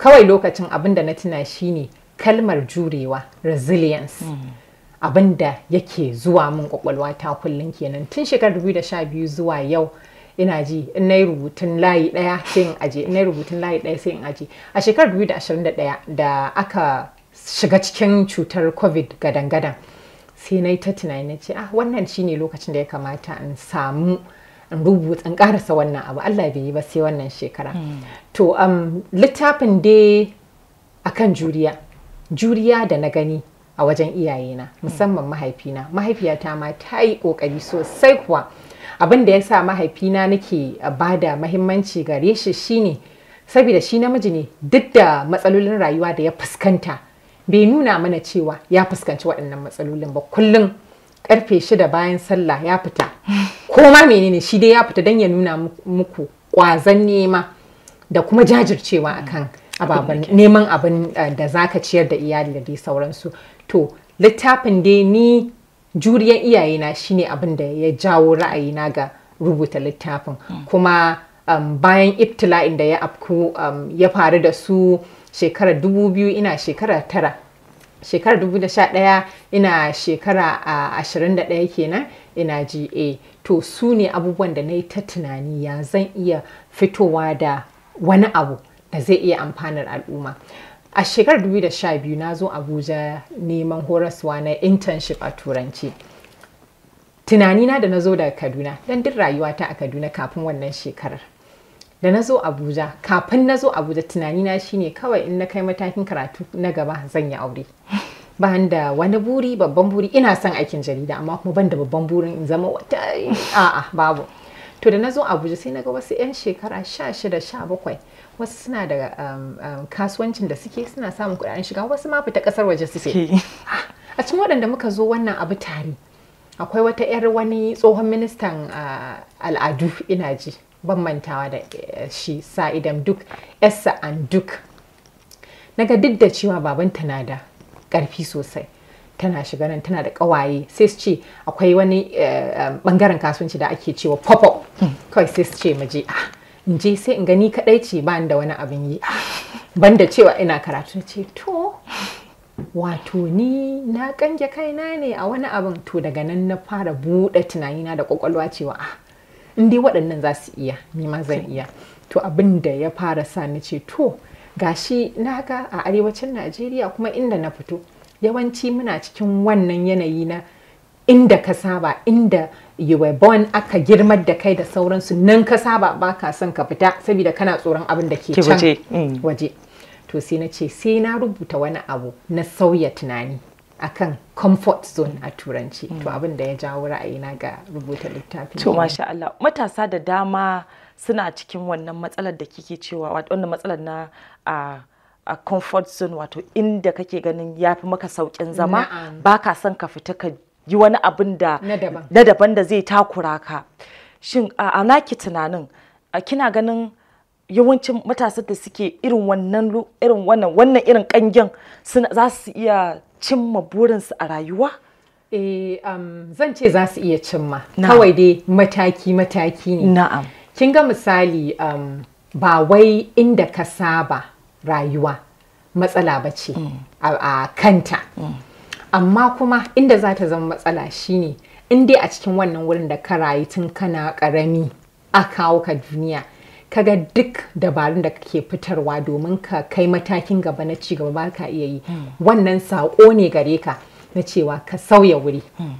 kawai lokacin abin da na tuna shine kalmar jurewa resilience hmm. abin da yake zuwa min kwakwalwa ta kullum kenan tun shekarar 2012 zuwa yau ina ji in na rubutun layi ɗaya sai in aje in na rubutun layi daya sai in aje a shekarar 2021 da aka shiga cikin cutar covid gadan-gadan sai na yi ta tunani ce ah wannan shine lokacin da ya kamata in samu in rubuta in karasa wannan abu Allah bai yi ba sai wannan shekara hmm. to um, littafin dai akan juriya juriya da na gani a wajen iyayena musamman mahaifina mahaifiyata ma ta yi kokari sosai kuwa abin da ya sa mahaifina nake bada mahimmanci gare shi shine saboda shi namiji ne duk da matsalolin rayuwa da ya fuskanta bai nuna mana cewa ya fuskanci waɗannan matsalolin ba kullum karfe shida bayan sallah ya fita ko ma menene shi dai ya fita don ya nuna muku kwazan nema da kuma jajircewa akan ababen neman abin eh, da zaka ciyar da iyali da dai sauransu to littafin dai ni juriyar iyayena shine abin da ya jawo ra'ayina ga rubuta littafin hmm. kuma um, bayan ibtila'in da ya afku um, ya faru da su shekarar dubu biyu ina shekara tara shekarar 2011 ina shekara a 21 kenan ina GA to su ne abubuwan da na yi ta tunani ya zan iya fitowa da wani abu da zai iya amfanar al'umma a shekarar 2012 na zo abuja neman horaswa na internship a turanci tunanina da na zo daga kaduna don duk rayuwata a kaduna kafin wannan shekarar da na zo abuja kafin na zo abuja na shine kawai in na kai matakin karatu na gaba zan yi aure (laughs) ba da wani buri babban buri ina son aikin jarida amma kuma ban da babban burin in zama wata a'a babu to da na zo abuja sai na ga wasu 'yan shekara sha sha bakwai, wasu suna da um, um, kasuwancin da suke suna samun kudaden shiga wasu ma fita kasar waje suke ah, a cikin waɗanda muka zo wannan abu tare akwai wata 'yar wani tsohon ministan ah, al'adu ina ji ban mantawa da eh, shi sa idan duk yasa an duk naga duk da cewa babanta na da ƙarfi sosai tana shiga nan tana da kawaye sai su ce akwai wani bangaren eh, eh, kasuwanci da ake cewa pop up kawai sai su ce maje ah in je sai in gani kadai ce ba da wani abin yi ah, ban da cewa ina karatu ce to wato ni na kange kaina ne a wani abin to daga nan na fara buɗe na da ƙwaƙwalwa cewa ah in dai waɗannan za su iya ni ma zan iya to abin da ya fara sa ni ce to gashi na ga a arewacin najeriya kuma inda na fito yawanci muna cikin wannan yanayi na inda ka saba inda you were born aka girmar da kai da sauransu nan ka saba ba ka son ka fita saboda kana tsoron abin da ke can mm. waje to sai na ce sai na rubuta wani abu na sauya tunani akan comfort zone a turanci to hmm. abin da ya jawo ra'ayina ga rubuta littafi to masha Allah matasa da dama suna cikin wannan matsalar da kike cewa wannan matsalar na a a comfort zone wato inda kake ganin ya fi maka saukin zama Ba ka son ka fita ka yi wani abin da na daban da zai takura ka shin a naki tunanin kina ganin yawancin matasa da suke irin wannan irin wannan wannan irin kangen za su iya cimma burinsu a rayuwa? Eh, um, zan ce za su iya cimma. Kawai dai mataki-mataki ne. Na'am. Kin ga misali um, ba wai inda ka saba rayuwa matsala ba ce mm. a, kanta. Mm. Amma kuma inda za ta zama matsala shine in dai a cikin wannan wurin da ka rayu tun kana ƙarami a kawo ka duniya. kaga duk dabarun da kake fitarwa domin ka kai matakin gaba na cigaba gaba ba ka iya yi hmm. wannan saƙo ne gare ka na cewa ka sauya wuri hmm.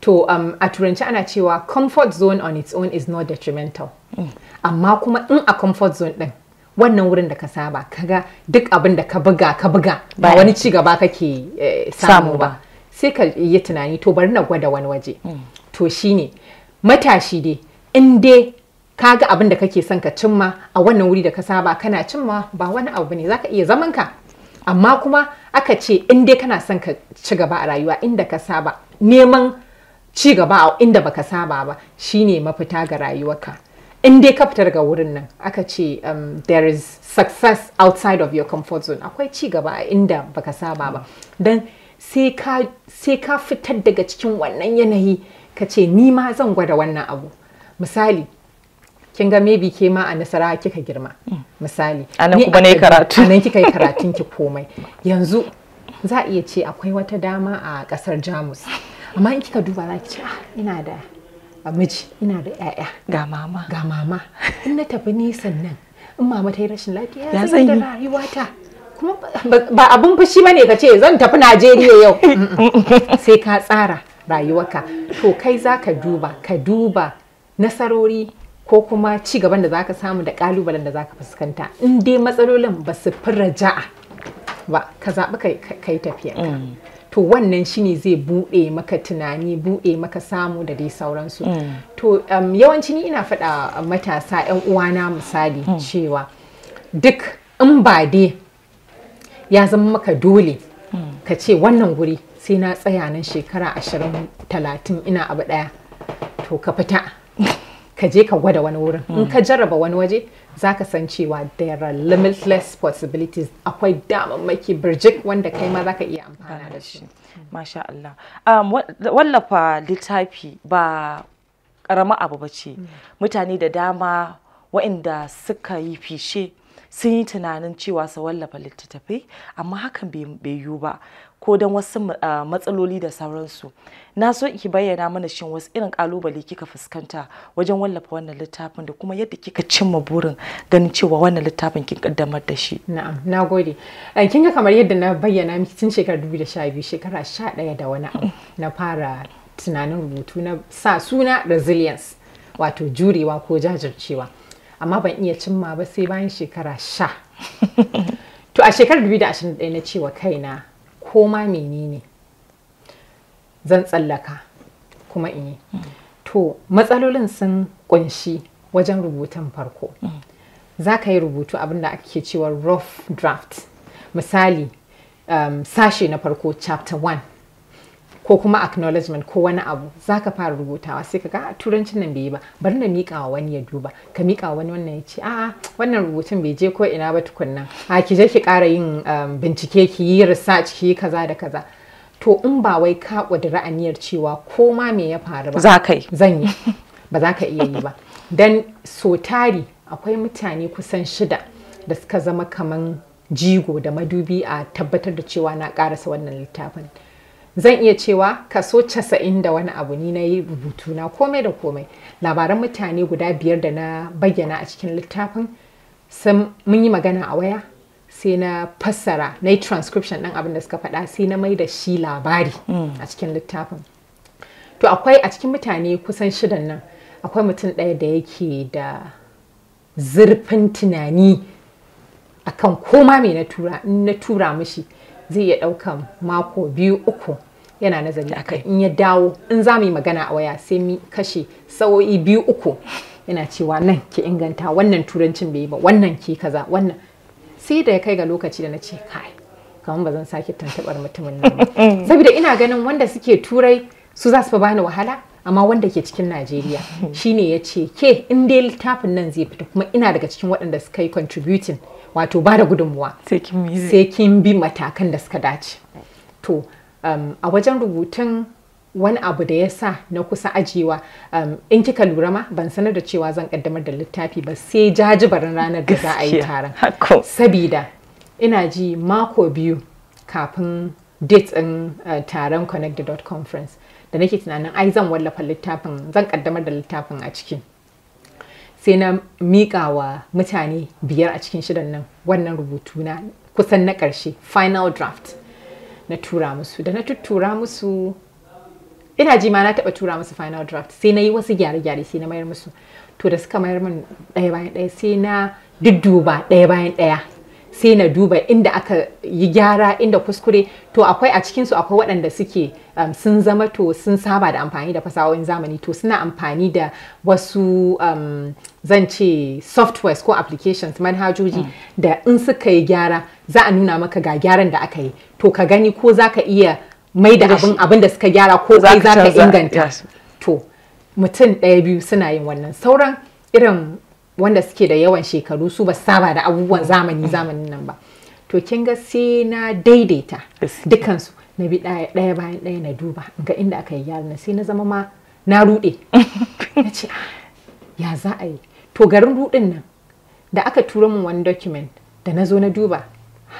to um, a turanci ana cewa comfort zone on its own is not detrimental hmm. amma kuma in a comfort zone din wannan wurin da ka saba kaga duk abin da ka buga ka buga ba wani ci gaba kake eh, samu ba sai ka yi tunani to bari na gwada wani waje to shine matashi dai in dai ka ga abin da kake son ka cimma a wannan wuri da ka saba kana cimma ba wani abu ne zaka iya zaman ka amma kuma aka ce in dai kana son ka ci gaba a rayuwa inda ka saba neman ci gaba a inda baka saba ba shine mafita ga rayuwarka in dai ka fitar ga wurin nan aka ce um, there is success outside of your comfort zone akwai ci gaba a inda baka saba ba dan sai ka fitar daga cikin wannan yanayi ka ce ni ma zan gwada wannan abu misali kin ga maybe ke ma a nasara kika girma hmm. misali anan kuma ne karatu anan kika yi (laughs) karatun ki komai yanzu za a iya ce akwai wata dama a kasar jamus amma in kika duba za ki ce ah ina da miji ina da 'ya'ya ga mama ga mama in na tafi nisan nan in mama ta yi rashin lafiya ya zan yi rayuwata kuma ba abun fushi bane ka ce zan tafi Najeriya yau (laughs) sai ka tsara rayuwarka to kai za ka duba ka duba nasarori ko kuma ci gaban da zaka samu da kalubalen da zaka fuskanta in dai matsalolin ba su fi raja'a ba ka zaɓi ka yi tafiya mm. to wannan shine zai buɗe maka tunani buɗe maka samu da dai sauransu mm. to um, yawanci ni ina faɗa matasa 'yan uwana misali mm. cewa duk in ba dai ya zama maka dole ka ce wannan guri sai na tsaya nan shekara ashirin talatin ina abu ɗaya to ka fita (laughs) ka je ka gwada wani wurin in hmm. ka jarraba wani waje za ka san cewa there are limitless possibilities akwai damammaki birjik wanda kai ma za ka iya amfana da shi masha Allah um, wallafa littafi ba karama abu ba ce hmm. mutane da dama waɗanda suka yi fishe sun yi tunanin cewa su wallafa littattafai amma hakan bai yiwu ba ko don wasu ah, matsaloli da sauransu na so ki bayyana mana shin wasu irin kalubale kika fuskanta wajen wallafa wannan littafin da kuma yadda kika cimma burin ganin cewa wannan littafin kin kaddamar da shi na'am nagode eh, kin ga kamar yadda na bayyana miki tun shekarar 2012 shekara 11 da wani abu (laughs) na fara tunanin rubutu na sa suna resilience wato jurewa ko jajircewa amma ban iya cimma ba sai bayan shekara sha (laughs) to a shekarar 2021 na cewa kaina koma menene zan tsallaka kuma in yi to matsalolin sun kunshi wajen rubutun farko za ka yi rubutu abinda ake cewa rough draft misali um, sashe na farko chapter 1 ko kuma acknowledgement ko wani abu zaka fara rubutawa sai ka ga ah, turancin nan bai ba bari na mika wa wani ya duba ka mika wani wannan ya ce a'a ah, wannan rubutun bai je ko ina ba tukunna a ah, ki je ki ƙara yin um, bincike ki yi research ki yi kaza da kaza to in ba wai ka ƙudiri aniyar cewa ko ma me ya faru ba za ka yi zan yi ba za ka iya yi ba dan so tari akwai mutane kusan shida da suka zama kaman jigo da madubi a tabbatar da cewa na karasa wannan littafin zan iya cewa kaso casa'in da wani abu ni na yi rubutu na komai da komai labaran mutane guda biyar da na bayyana a cikin littafin mun yi magana a waya sai na fassara na yi transcription ɗin abin da suka faɗa sai na mai da shi labari hmm. a cikin littafin to akwai a cikin mutane kusan shidan nan akwai mutum ɗaya da yake da zurfin tunani akan koma mai na tura in na tura mishi zai iya ɗaukan mako biyu uku yana nazari akai in ya dawo in za mu yi magana a waya sai mu kashe sa'o'i biyu uku yana cewa nan ke inganta wannan turancin bai yi ba wannan ki kaza wannan sai da ya kai ga lokaci da na ce kai kamar ba zan sake tantabar mutumin nan ba (laughs) saboda ina ganin wanda suke turai su za su fa bani wahala amma wanda ke cikin Najeriya (laughs) shine ya ce ke in dai littafin nan zai fita kuma ina daga cikin waɗanda suka yi contributing wato ba da gudunmuwa sai kin bi matakan da suka dace to um, a wajen rubutun wani abu da ya sa na kusa ajiyewa um, in kika lura ma ban sanar da cewa zan kaddamar da littafi ba sai jajibarin ranar da za a yi taron sabida ina ji mako biyu kafin date in uh, taron connect the dot conference da nake tunanin ai zan wallafa littafin zan kaddamar da littafin a ciki sai na miƙa wa mutane biyar a cikin shidan nan wannan rubutu na kusan na ƙarshe final draft na tura musu da na tuttura musu ina ji ma na taba tura musu final draft sai na yi wasu gyare-gyare sai na mayar musu to da suka mayar min ɗaya bayan ɗaya sai na dudduba ɗaya bayan ɗaya sai na duba inda aka yi gyara inda kuskure to akwai a cikinsu akwai waɗanda suke um, sun zama to sun saba da amfani da fasahohin zamani to suna amfani da wasu um, zan ce softwares ko applications manhajoji mm. da in suka yi gyara za a nuna maka ga gyaran da aka yi to ka gani ko za ka iya mai da abin da suka gyara ko kai za ka inganta to mutum ɗaya biyu suna yin wannan sauran irin wanda suke da yawan shekaru su ba saba da abubuwan zamani zamanin nan ba to kin ga sai na daidaita dukansu na bi daya bayan daya na duba ga inda aka yi na sai na zama ma na rude. (laughs) na ce ah, ya za a yi to garin ruɗin nan da aka tura min wani document da na zo na duba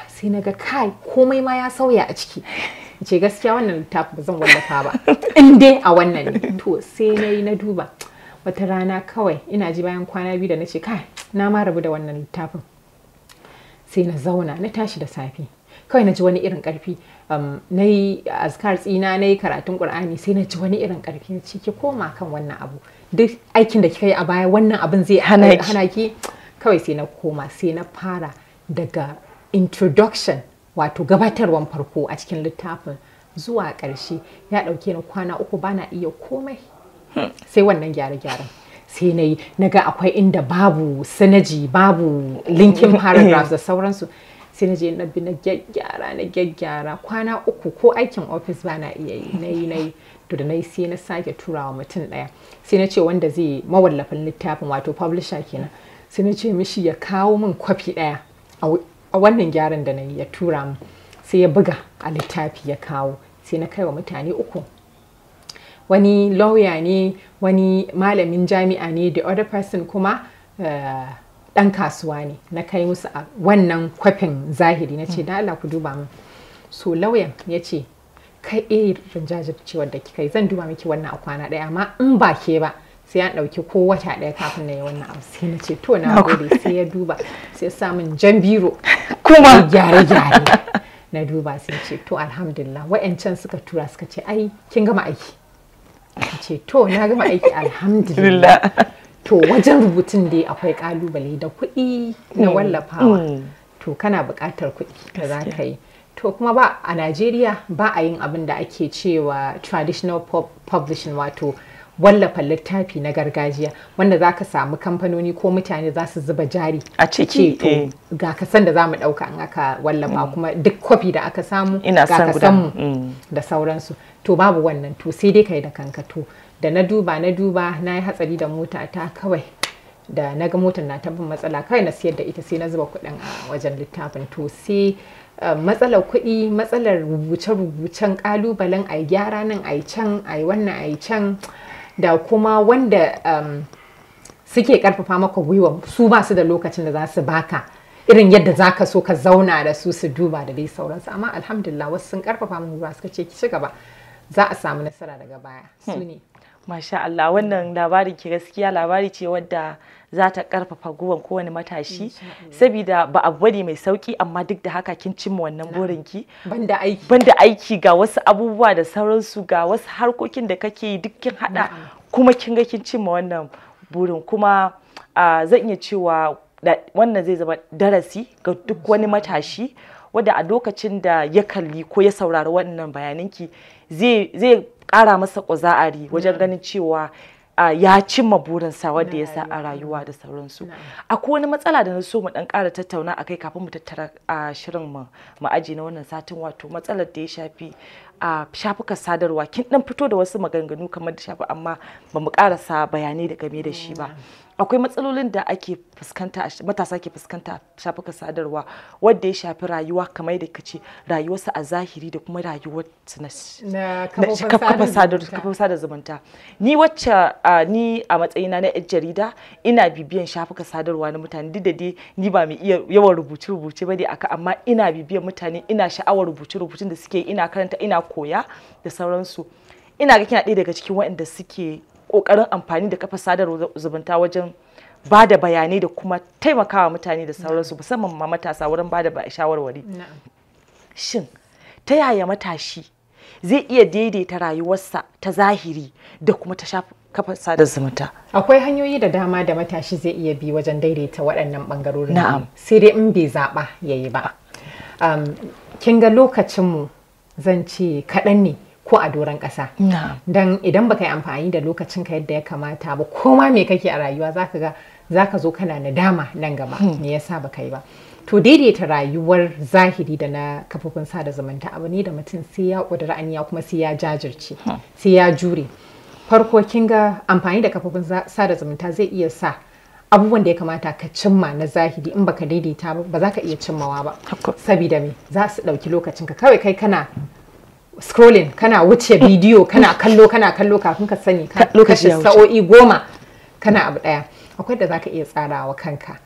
sai na ga kai komai ma ya sauya a ciki ce gaskiya wannan littafi ba zan wallafa ba (laughs) in dai a wannan to sai na yi na duba wata rana kawai ina ji bayan kwana biyu da na ce kai na ma rabu da wannan littafin sai na zauna na tashi da safe kawai na ji wani irin karfi um, na yi azkar tsina na yi karatun qur'ani sai na ji wani irin karfi na ce koma kan wannan abu duk aikin da kika yi a baya wannan abin zai hana ki kawai sai na koma sai na fara daga introduction wato gabatarwan farko a cikin littafin zuwa ƙarshe ya ɗauke na kwana uku bana iya komai sai wannan gyare-gyaren sai na yi na ga akwai inda babu sanaji babu linkin (laughs) paragraphs da sauransu sai na je na bi na gyaggyara na gyaggyara kwana uku ko aikin ofis ba na iya yi na yi na yi to da na yi sai na sake turawa mutum ɗaya sai na ce wanda zai mawallafin littafin wato publisher kenan sai na ce mishi ya kawo min kwafi ɗaya a wannan gyaran da na yi ya tura mu. sai ya buga a littafi ya kawo sai na kai wa mutane uku wani lauya ne wani malamin jami'a ne the other person kuma eh, ɗan kasuwa ne na kai musu a wannan kwafin zahiri na ce mm. da Allah ku duba min so lauyan ya ce kai irin eh, jajircewar da kika yi zan duba miki wannan a kwana daya amma in ba ke ba sai an ɗauki ko wata daya kafin na yi wannan abu sai na ce to na gode sai ya duba sai samun jan biro kuma gyare gyare na duba sai ce to alhamdulillah wa'yancan suka tura suka ce ai kin gama aiki ka ce to na gama aiki alhamdulillah to wajen rubutun dai akwai kalubale da kuɗi na mm. wallafawa mm. to kana buƙatar kuɗi da za ka yi to kuma ba a najeriya ba a yin abin da ake cewa traditional publishing wato wallafa littafi na gargajiya wanda za ka samu kamfanoni ko mutane za su zuba jari a ciki to eh. ga kasan da za mu ɗauka in aka wallafa mm. kuma duk kwafi da aka samu ga kasanmu da sauransu to babu wannan to sai dai kai da kanka da na duba na duba na yi hatsari da mota ta kawai da na ga motar na ta bin matsala kawai na siyar da ita sai na zuba kuɗin a wajen littafin to sai eh, matsalar kuɗi matsalar rubuce-rubucen kalubalen a gyara nan a can a wannan a can da kuma wanda um, suke karfafa maka gwiwa su ba su da lokacin da za su baka irin yadda za ka so ka zauna da su su duba da dai sauransu amma alhamdulillah wasu sun karfafa min gwiwa suka ce ki ci gaba za a samu nasara daga baya su hmm. ne Masha Allah wannan labari ke gaskiya labari ce wadda za ta karfafa gwiwan kowane matashi saboda ba abu bane mai sauki amma duk da haka kin cimma wannan burinki banda aiki banda aiki ga wasu abubuwa da sauransu ga wasu harkokin da kake duk kin hada kuma kin ga kin cimma wannan burin kuma ah, zan iya cewa wannan zai zama darasi ga duk wani matashi wadda a lokacin da ya kalli ko ya saurari wannan ki zai ƙara masa ari wajen ganin cewa ya cimma burinsa wadda ya sa a rayuwa da sauransu akwai wani matsala da na so mu ɗan ƙara tattauna a kai kafin mu tattara a shirin mu ma'aji na wannan satin wato matsalar da ya shafi a shafukan sadarwa kin ɗan fito da wasu maganganu kamar da shafi amma ba mu ƙarasa bayanai da game da shi ba akwai matsalolin da ake fuskanta matasa ke fuskanta a shafukan sadarwa wadda ya shafi rayuwa kamar da ce rayuwarsa a zahiri da kuma rayuwar na kafofin sadar zumunta ni wacce ni a matsayina na yan jarida ina bibiyan shafukan sadarwa na mutane duk da dai ni ba mai iya yawan rubuce rubuce ba dai aka amma ina bibiyan mutane ina sha'awar rubuce rubucen da suke ina karanta ina koya da sauransu ina ga kina ɗaya daga cikin waɗanda suke ƙoƙarin amfani da kafa sadarwar zumunta wajen ba da bayanai da kuma taimakawa mutane da sauransu musamman ma matasa wurin ba da shawarwari shin ta yaya matashi zai iya daidaita rayuwarsa ta zahiri da kuma ta kafar sadar zumunta. Akwai hanyoyi da dama da matashi zai iya bi wajen daidaita waɗannan ɓangarorin. Na'am. Sai dai in bai zaɓa ya yi ba. Um, kin ga lokacinmu zan ce kaɗan ne ko a doron ƙasa. Don idan baka yi amfani da lokacin ka yadda ya kamata ba koma me kake a rayuwa zaka ga zaka zo kana nadama nan gaba hmm. me yasa baka yi ba. To daidaita rayuwar zahiri da na kafofin sada zumunta abu ne da mutum sai ya ƙudura aniya kuma sai ya jajirce hmm. sai ya jure. Farko kin ga amfani da kafofin sada zumunta zai iya sa abubuwan da ya kamata ka cimma na zahiri in baka daidaita ba ba za ka iya cimmawa ba Sabida me za su ɗauki lokacinka kawai kai kana scrolling kana wuce bidiyo kana kallo kana kallo kafin ka sani lokacin sa'o'i goma kana abu daya akwai da zaka iya tsarawa kanka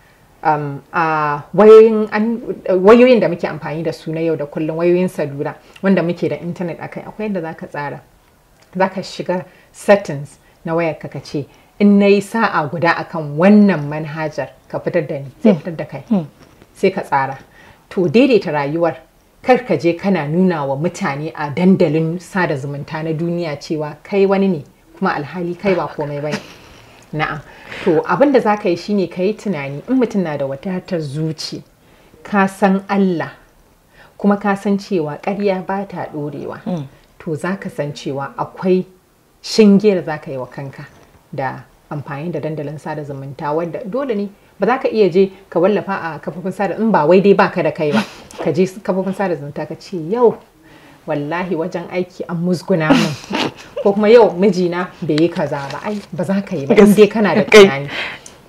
um, a wayoyin da muke amfani da su na yau da kullum wayoyin salula wanda muke da intanet akai akwai yadda zaka tsara zaka shiga settings na wayarka ka kace in na yi sa'a guda akan wannan manhajar ka fitar da ni sai hmm. fitar da kai hmm. sai ka tsara to daidaita rayuwar kar ka je kana nuna wa mutane a dandalin sada zumunta na duniya cewa kai wani ne kuma alhali kai ba komai bane na'am to abin da za ka yi shine ka yi tunani in mutum na da wadatar zuci ka san allah kuma ka san cewa karya ba ta dorewa. Hmm. to za ka san cewa akwai shingiyar za ka yi wa kanka da amfani da dandalin sada zumunta wadda dole ne ba za ka iya je ka wallafa a kafofin sada in ba wai dai baka da kai ba ka je kafofin sada zumunta ka ce yau wallahi wajen aiki an musguna min ko kuma yau mijina bai yi kaza ba ai ba za ka yi ba in dai kana da tunani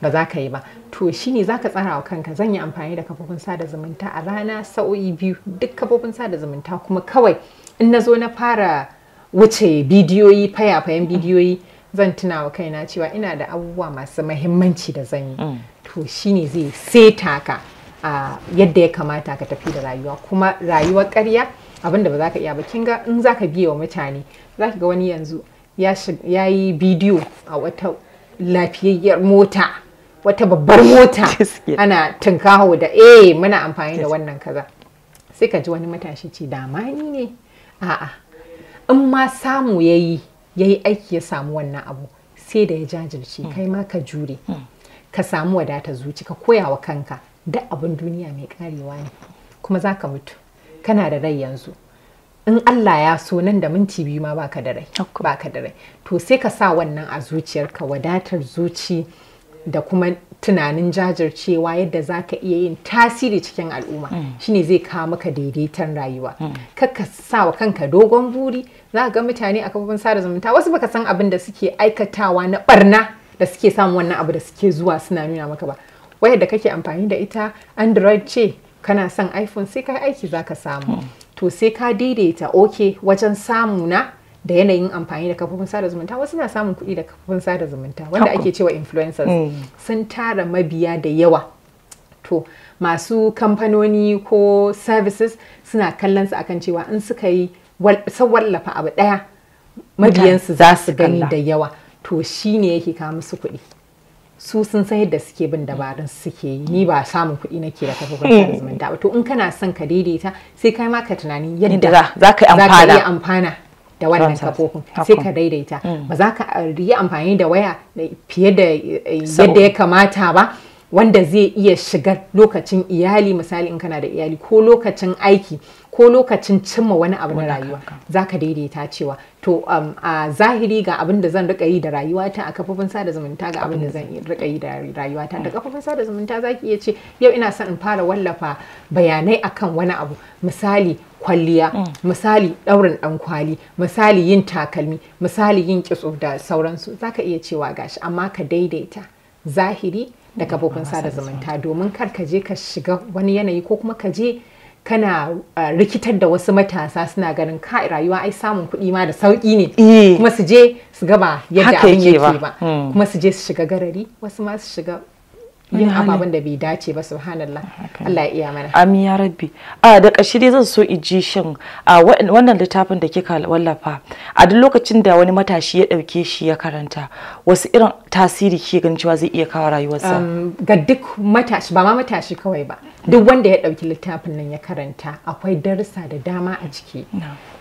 ba za ka yi ba to shi ne za ka tsara wa kanka zan yi amfani da kafofin sada zumunta a rana sa'o'i biyu duk kafofin sada zumunta kuma kawai in na zo na fara wuce bidiyoyi fayafayen bidiyoyi zan tuna wa kaina cewa ina da abubuwa masu mahimmanci da zan yi mm. to shi ne zai seta ka a yadda ya kamata ka tafi da rayuwa kuma rayuwar ƙarya abinda ba za ka iya ba kin ga in za ka biya wa mutane za ki ga wani yanzu ya yi bidiyo a wata lafiyayyar mota wata babbar mota (laughs) ana tunkaho da eh muna amfani da wannan kaza sai ka ji wani matashi ce damani ne a'a in ma samu yayi yayi aiki ya samu wannan abu sai da ya jajirce hmm. kai ma ka jure hmm. ka samu wadatar zuci ka koya wa kanka duk abin duniya mai karewa ne kuma za ka mutu kana da rai yanzu in Allah ya so nan da minti biyu ma baka da rai da rai to sai ka sa wannan a zuciyarka wadatar zuci da kuma tunanin jajircewa yadda za ka iya yin tasiri cikin al'umma mm. shine zai kawo maka daidaitan rayuwa mm. kakka sa wa kanka dogon buri za ga mutane a kafofin sada zumunta wasu baka san abin da suke aikatawa na barna da suke samun wannan abu da suke zuwa suna nuna maka ba wayar da kake amfani da ita android ce kana son iphone sai ka aiki za ka samu hmm. to sai ka daidaita ok wajen samu na da yanayin amfani da kafofin sada zumunta wasu na samun kuɗi da kafofin sada zumunta wanda ake cewa influencers hmm. sun tara mabiya da yawa to masu kamfanoni ko services suna kallon su akan cewa in suka yi wallafa abu ɗaya mabiyansu za su gani da yawa to shi ne yake kawo musu kuɗi su sun san yadda suke bin dabarun suke yi ni ba samun kuɗi nake da kafofin hmm. zumunta ba to in kana son ka daidaita sai kai ma ka tunanin yadda za ka yi amfana da wannan kafofin sai ka daidaita hmm. ba za ka eh, yi amfani da waya fiye da eh, yadda ya kamata ba wanda zai iya shigar lokacin iyali misali in kana da iyali ko lokacin aiki ko lokacin cimma wani abu na rayuwa za ka daidaita cewa to um, a zahiri ga abin da zan rika yi da ta a kafofin sada zumunta ga abin da zan rika yi da ta da mm. kafofin sada zumunta za ki iya ce yau ina son in fara wallafa bayanai akan wani abu misali kwalliya mm. misali ɗaurin ɗankwali kwali misali yin takalmi misali yin kitso da sauransu za ka iya cewa gashi amma ka daidaita zahiri da mm. kafofin sada zumunta domin kar ka je ka shiga wani yanayi ko kuma ka je kana ah, rikitar da wasu matasa suna ganin ka rayuwa ai samun kuɗi ma da sauƙi ne eh. kuma su je su gaba yadda abin yake ba hmm. kuma su je su shiga garari wasu ma su shiga yin ababen da bai dace ba subhanallah Allah ya iya mana amin ya rabbi a ah, da ƙarshe dai zan so iji shin a ah, wannan littafin da kika wallafa a duk lokacin da wani matashi ya ɗauke shi ya karanta wasu irin tasiri ke ganin cewa zai iya kawo rayuwarsa ga duk matashi ba ma matashi kawai ba duk wanda ya ɗauki littafin nan ya karanta akwai darussa da dama a ciki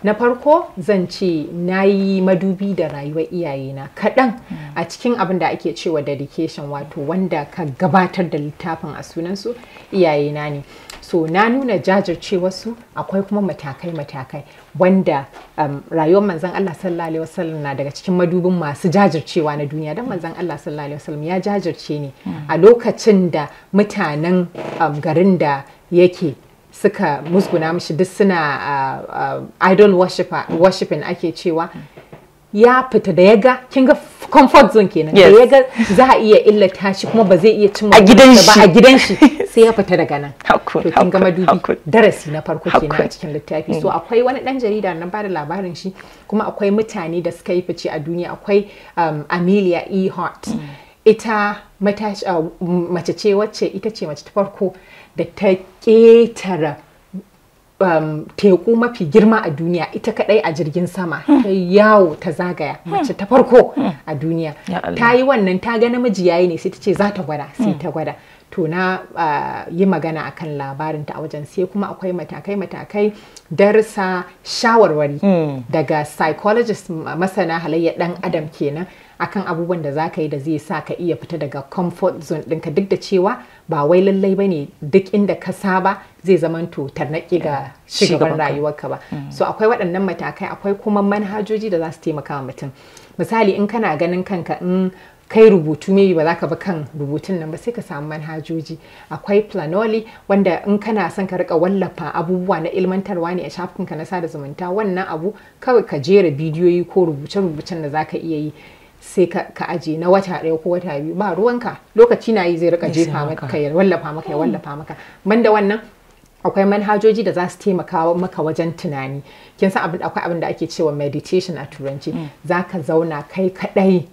na farko zan ce na yi madubi da rayuwar iyayena kaɗan a cikin abin da ake cewa dedication wato wanda ka gabatar da littafin a sunansu iyayena ne so na nuna wasu akwai kuma matakai-matakai wanda um, rayuwar manzan Allah sallallahu alaihi wasallam na daga cikin madubin masu jajircewa na duniya don manzan Allah sallallahu alaihi wasallam ya jajirce ne a hmm. lokacin da mutanen um, garin da yake suka musguna mishi duk suna uh, uh, idol worshipper, ake cewa hmm. ya fita da ya ga kin ga comfort zone kenan da ya ga za a iya illata shi kuma ba zai iya cimma a gidan shi ba a gidan shi sai ya fita daga nan (laughs) to kin ga madubi darasi na farko kenan a cikin littafi mm. so akwai wani dan jarida nan da labarin shi kuma akwai mutane da suka yi fice a duniya akwai um, Amelia E Hart mm. ita uh, mace ce wacce ita ce mace ta farko da ta ketara um, teku mafi girma a duniya ita kadai a jirgin sama hmm. ta yawo ta zagaya hmm. mace ta farko hmm. a duniya ta yi wannan ta ga namiji yayi ne sai ta ce za ta gwada sai ta gwada to na uh, yi magana akan labarinta a wajen sai kuma akwai matakai-matakai darsa shawarwari daga psychologist masana halayyar dan adam kenan akan abubuwan da za ka yi da zai sa ka iya fita daga comfort zone ɗinka duk da cewa ba wai lallai ba ne duk inda ka saba zai zama to tarnaƙi ga shigaban rayuwarka ba mm. so akwai waɗannan matakai akwai kuma manhajoji da za su taimaka wa mutum misali in kana ganin kanka in kai rubutu maybe ba za ka bi kan rubutun nan ba sai ka samu manhajoji akwai planoli wanda in kana son ka rika wallafa abubuwa na ilmantarwa ne a shafinka na sada zumunta wannan abu kawai ka jera bidiyoyi ko rubuce-rubucen da za ka iya yi sai ka aje na wata ɗaya ko wata biyu ba ruwanka lokaci na yi zai rika jefa maka ya wallafa maka ya hmm. wallafa maka banda wannan akwai manhajoji da za su taimaka maka wajen tunani kin san akwai abin da ake cewa meditation a turanci hmm. za ka zauna kai kadai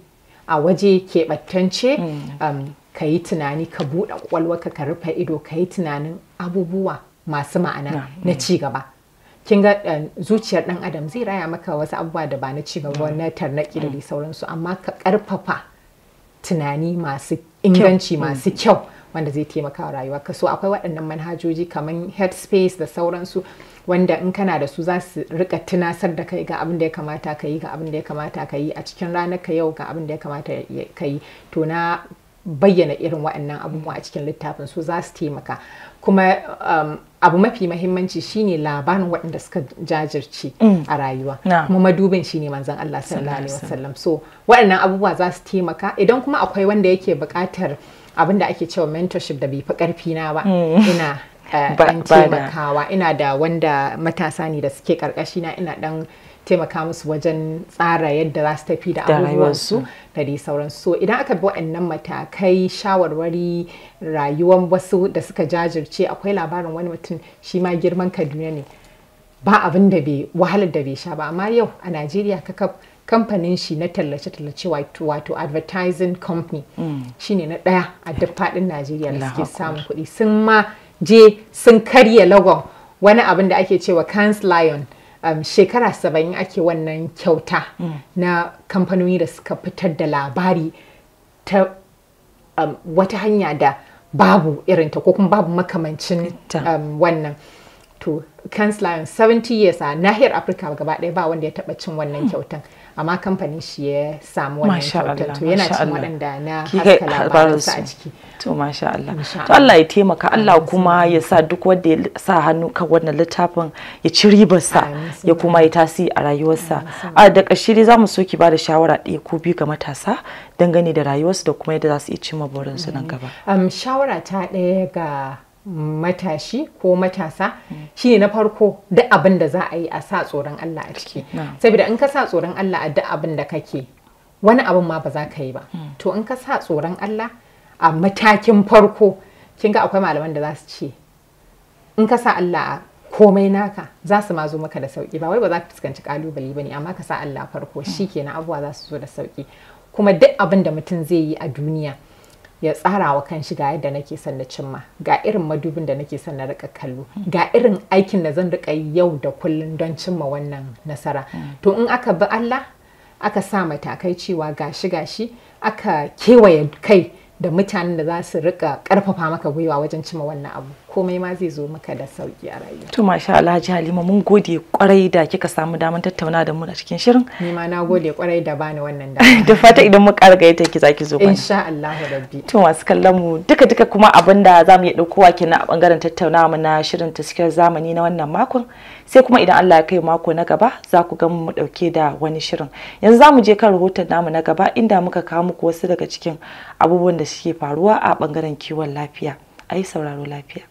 a waje keɓattance hmm. um, ka yi tunani ka buɗe ƙwaƙwalwarka ka rufe ido ka yi tunanin abubuwa masu ma'ana na ci gaba kin ga eh, zuciyar dan adam zai raya maka wasu abubuwa da ba na ci gaba mm. na tarnaki da mm. sauransu amma ka karfafa tunani masu inganci masu mm. kyau wanda zai taimaka wa rayuwa ka so akwai waɗannan manhajoji kamar headspace da sauransu wanda in kana da su za su rika tunasar da kai ga abin da ya kamata ka yi ga abin da ya kamata ka yi a cikin ranar ka yau ga abin da ya kamata ka yi to na bayyana irin waɗannan abubuwa a cikin littafin su za su taimaka kuma um, abu mafi mahimmanci shine labarin waɗanda suka jajirce mm. a rayuwa no. kuma madubin shine manzan Allah sallallahu alaihi wasallam so waɗannan abubuwa za su taimaka idan kuma akwai wanda yake buƙatar abin da ake cewa mentorship da bai fi ƙarfi na ba mm. ina ɗan (laughs) eh, taimakawa ina da wanda matasa ne da suke ƙarƙashi na ina ɗan taimaka musu wajen tsara yadda za su tafi da abubuwansu da dai sauransu so idan aka bi waɗannan matakai shawarwari rayuwan wasu da suka jajirce akwai labarin wani mutum shi ma girman kaduna ne ba abin da bai wahalar da bai sha ba amma yau a najeriya kamfanin shi na tallace-tallace wato advertising company mm. shi shine na ɗaya a duk faɗin najeriya da suke samun kuɗi sun ma je sun karya lagon wani abin da ake cewa cans lion um, shekara saba'in ake wannan kyauta mm. na kamfanoni da suka fitar da labari ta um, wata hanya da babu irinta ko kuma babu makamancin um, wannan wato kanslayin 70 years a nahiyar afirka gaba ɗaya ba wanda ya taba cin wannan hmm. kyautan amma kamfanin shi ya samu wannan kyautan to yana cin waɗanda na haska labaransa a ciki to masha Allah to Allah ya taimaka Allah kuma ya sa duk wanda ya sa hannu kan wannan littafin ya ci ribarsa ya kuma yi tasiri a rayuwarsa a da ƙarshe dai zamu so ba da shawara ɗaya ko biyu ga matasa dangane da rayuwarsu da kuma yadda za su iya cimma burinsu nan gaba shawara ta ɗaya ga matashi ko matasa shine na farko da abin da za a yi a sa tsoron Allah a ciki saboda in ka sa tsoron Allah a duk abin da kake wani abin ma ba za ka yi ba hmm. to in ka sa tsoron Allah a matakin farko kin ga akwai malaman da za su ce in ka sa Allah a komai naka za su ma zo maka da sauki ba wai ba za ka fuskanci kalubale ba ne amma ka sa Allah farko hmm. shikenan abubuwa za su zo da sauki kuma duk abin da mutum zai yi a duniya ya tsara wa kan shi ga yadda nake son na cimma ga irin madubin da nake son na rika kallo ga irin aikin da zan rika yau da kullum don cimma wannan nasara mm. to in aka bi Allah aka sa matakai cewa gashi gashi aka kewaye kai da mutanen da za su rika karfafa maka gwiwa wajen cima wannan abu komai ma zai zo maka da sauki a rayuwa to masha Allah Halima mun gode kwarai da kika samu damar tattauna da mu a cikin shirin ni ma na gode kwarai da bani wannan (laughs) dama da fata idan mu ƙara gayyata ki zaki zo bani insha Allah rabbi to masu kallon mu duka duka kuma abinda zamu iya daukowa kenan a bangaren tattaunawa mu na shirin taskiyar zamani na wannan makon sai kuma idan Allah ya kai mako na gaba za ku ga mu dauke da wani shirin yanzu za mu je kan rahoton namu na gaba inda muka kawo muku wasu daga cikin abubuwan da suke faruwa a bangaren kiwon lafiya a yi sauraro lafiya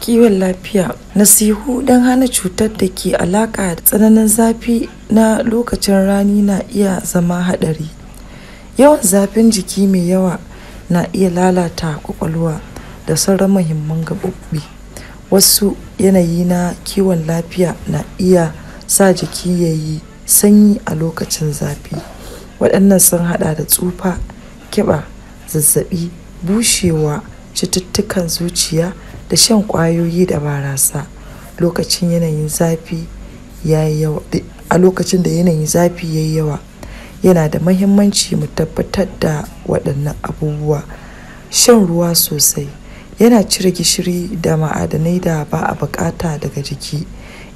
kiwon lafiya nasihu don hana cutar da ke alaka da tsananin zafi na lokacin rani na iya zama haɗari yawan zafin jiki mai yawa na iya lalata kwakwalwa da sauran muhimman gaɓoɓi wasu yanayi na kiwon lafiya na iya sa jiki ya yi sanyi a lokacin zafi waɗannan sun haɗa da tsufa kiɓa zazzaɓi bushewa cututtukan zuciya da shan ƙwayoyi da barasa lokacin yanayin zafi ya yawa a lokacin da yanayin zafi ya yi yawa yana da mahimmanci mu tabbatar da waɗannan abubuwa shan ruwa sosai yana cire gishiri da ma'adanai da ba a bukata daga jiki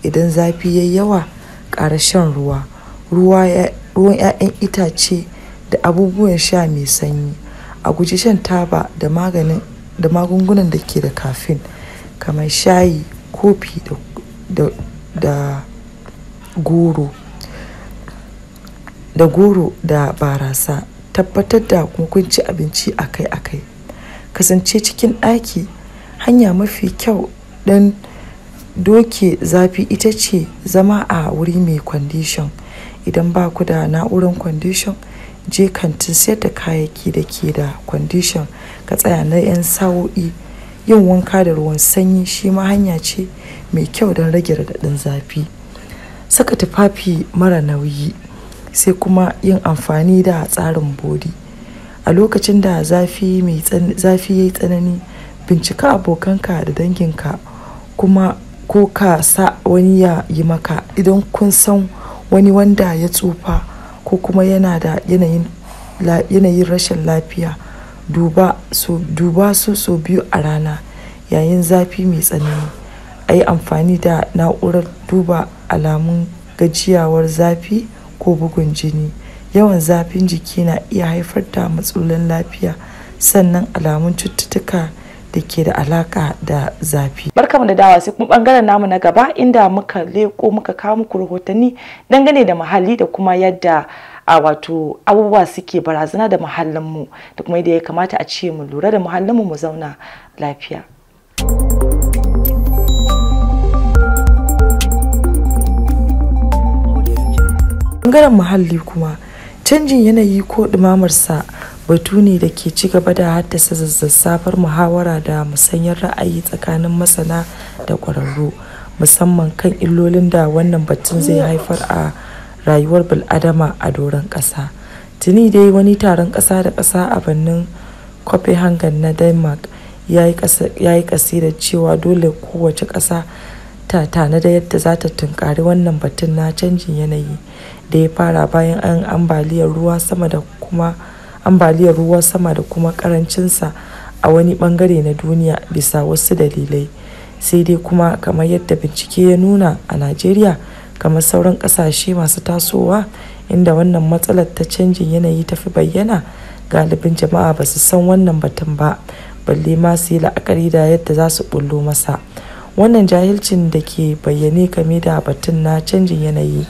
idan zafi ya yawa ƙara shan ruwa ruwan 'ya'yan itace da abubuwan sha mai sanyi a guji shan taba da magungunan da ke da kafin kamar shayi kofi da goro da goro da barasa tabbatar da kun ci abinci akai-akai kasance cikin ɗaki hanya mafi kyau don doke zafi ita ce zama a wuri mai kwandishon idan ba ku da na'urar kwandishon je kantin sayar da kayayyaki da ke da kwandishon ka tsaya na 'yan sa'o'i yin wanka da ruwan sanyi shi ma hanya ce mai kyau don rage raɗaɗin zafi saka tufafi mara nauyi sai kuma yin amfani da tsarin bodi a lokacin da zafi ya yi tsanani bincika abokanka da danginka kuma ko ka sa wani ya yi maka idan kun san wani wanda ya tsufa ko kuma yana da yanayin rashin lafiya duba su so biyu a rana yayin zafi mai tsanani a yi amfani da na'urar duba alamun gajiyawar zafi ko bugun jini yawan zafin jiki na iya haifar da matsalolin lafiya sannan alamun cututtuka da ke da alaka da zafi. Barkamu da dawa sai kuma bangaren namu na gaba inda muka leko muka kawo muku rahotanni dangane da muhalli da kuma yadda a wato abubuwa suke barazana da muhallinmu da kuma yadda ya kamata a ce mu lura da muhallinmu mu zauna lafiya. bangaren muhalli kuma canjin yanayi ko ɗumamarsa batu ne da ke ci gaba da haddasa zazzafar muhawara da musanyar ra'ayi tsakanin masana da ƙwararru musamman kan illolin da wannan batun zai haifar a rayuwar bil'adama a doron ƙasa tuni dai wani taron ƙasa da ƙasa a birnin copenhagen na denmark ya yi da cewa dole kowace ƙasa ta tanada yadda za ta tunkari wannan batun na canjin yanayi da ya fara bayan an ambaliyar ruwa sama da kuma ambaliyar ruwa sama da kuma ƙarancinsa a wani bangare na duniya bisa wasu dalilai sai dai kuma kamar yadda bincike ya nuna a najeriya kamar sauran kasashe masu tasowa inda wannan matsalar ta canjin yanayi ta fi bayyana galibin jama'a ba su san wannan batun ba balle ma su yi la'akari da yadda za su bullo masa wannan jahilcin da ke bayyane game da batun na canjin yanayi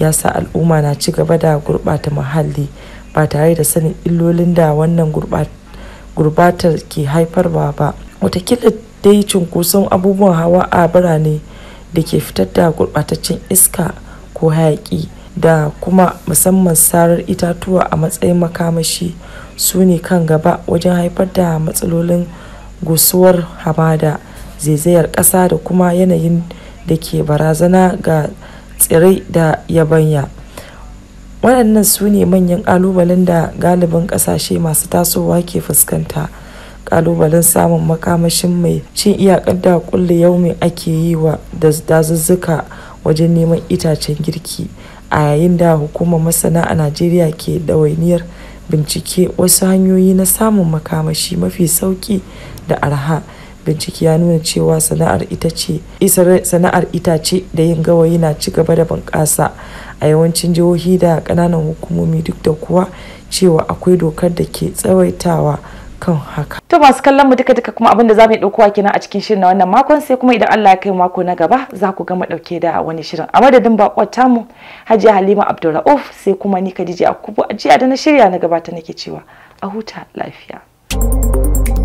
ya sa al'umma na ci gaba da gurɓata muhalli ba tare da sanin illolin da wannan gurbatar ke haifarwa ba watakila dai cunkoson abubuwan hawa a birane da ke fitar da gurɓataccen iska ko hayaƙi da kuma musamman sarar itatuwa a matsayin makamashi su ne kan gaba wajen haifar da matsalolin gusuwar hamada zaizayar ƙasa da kuma yanayin da ke barazana ga tsirai da yabanya waɗannan su ne manyan ƙalubalen da galibin ƙasashe masu tasowa ke fuskanta ƙalubalen samun makamashin mai cin iyakar da kulle mai ake yi wa da dazuzzuka wajen neman itacen girki a yayin da hukumar masana a najeriya ke ɗawainiyar bincike wasu hanyoyi na samun makamashi mafi sauki da arha bincike ya nuna cewa sana'ar sana'ar itace da yin gawayi na ci gaba da bunƙasa a yawancin jihohi da ƙananan hukumomi duk da kuwa cewa akwai dokar da ke tsawaitawa kan haka. To masu kallon mu duka duka kuma abin da zamu dauko kenan a cikin shirin na wannan makon sai kuma idan Allah ya kai mako na gaba za ku gama dauke da wani shirin. A madadin bakwar tamu Hajiya Halima Abdulrauf sai kuma ni Khadija Akubu a jiya da na shirya na gabata nake cewa a huta lafiya.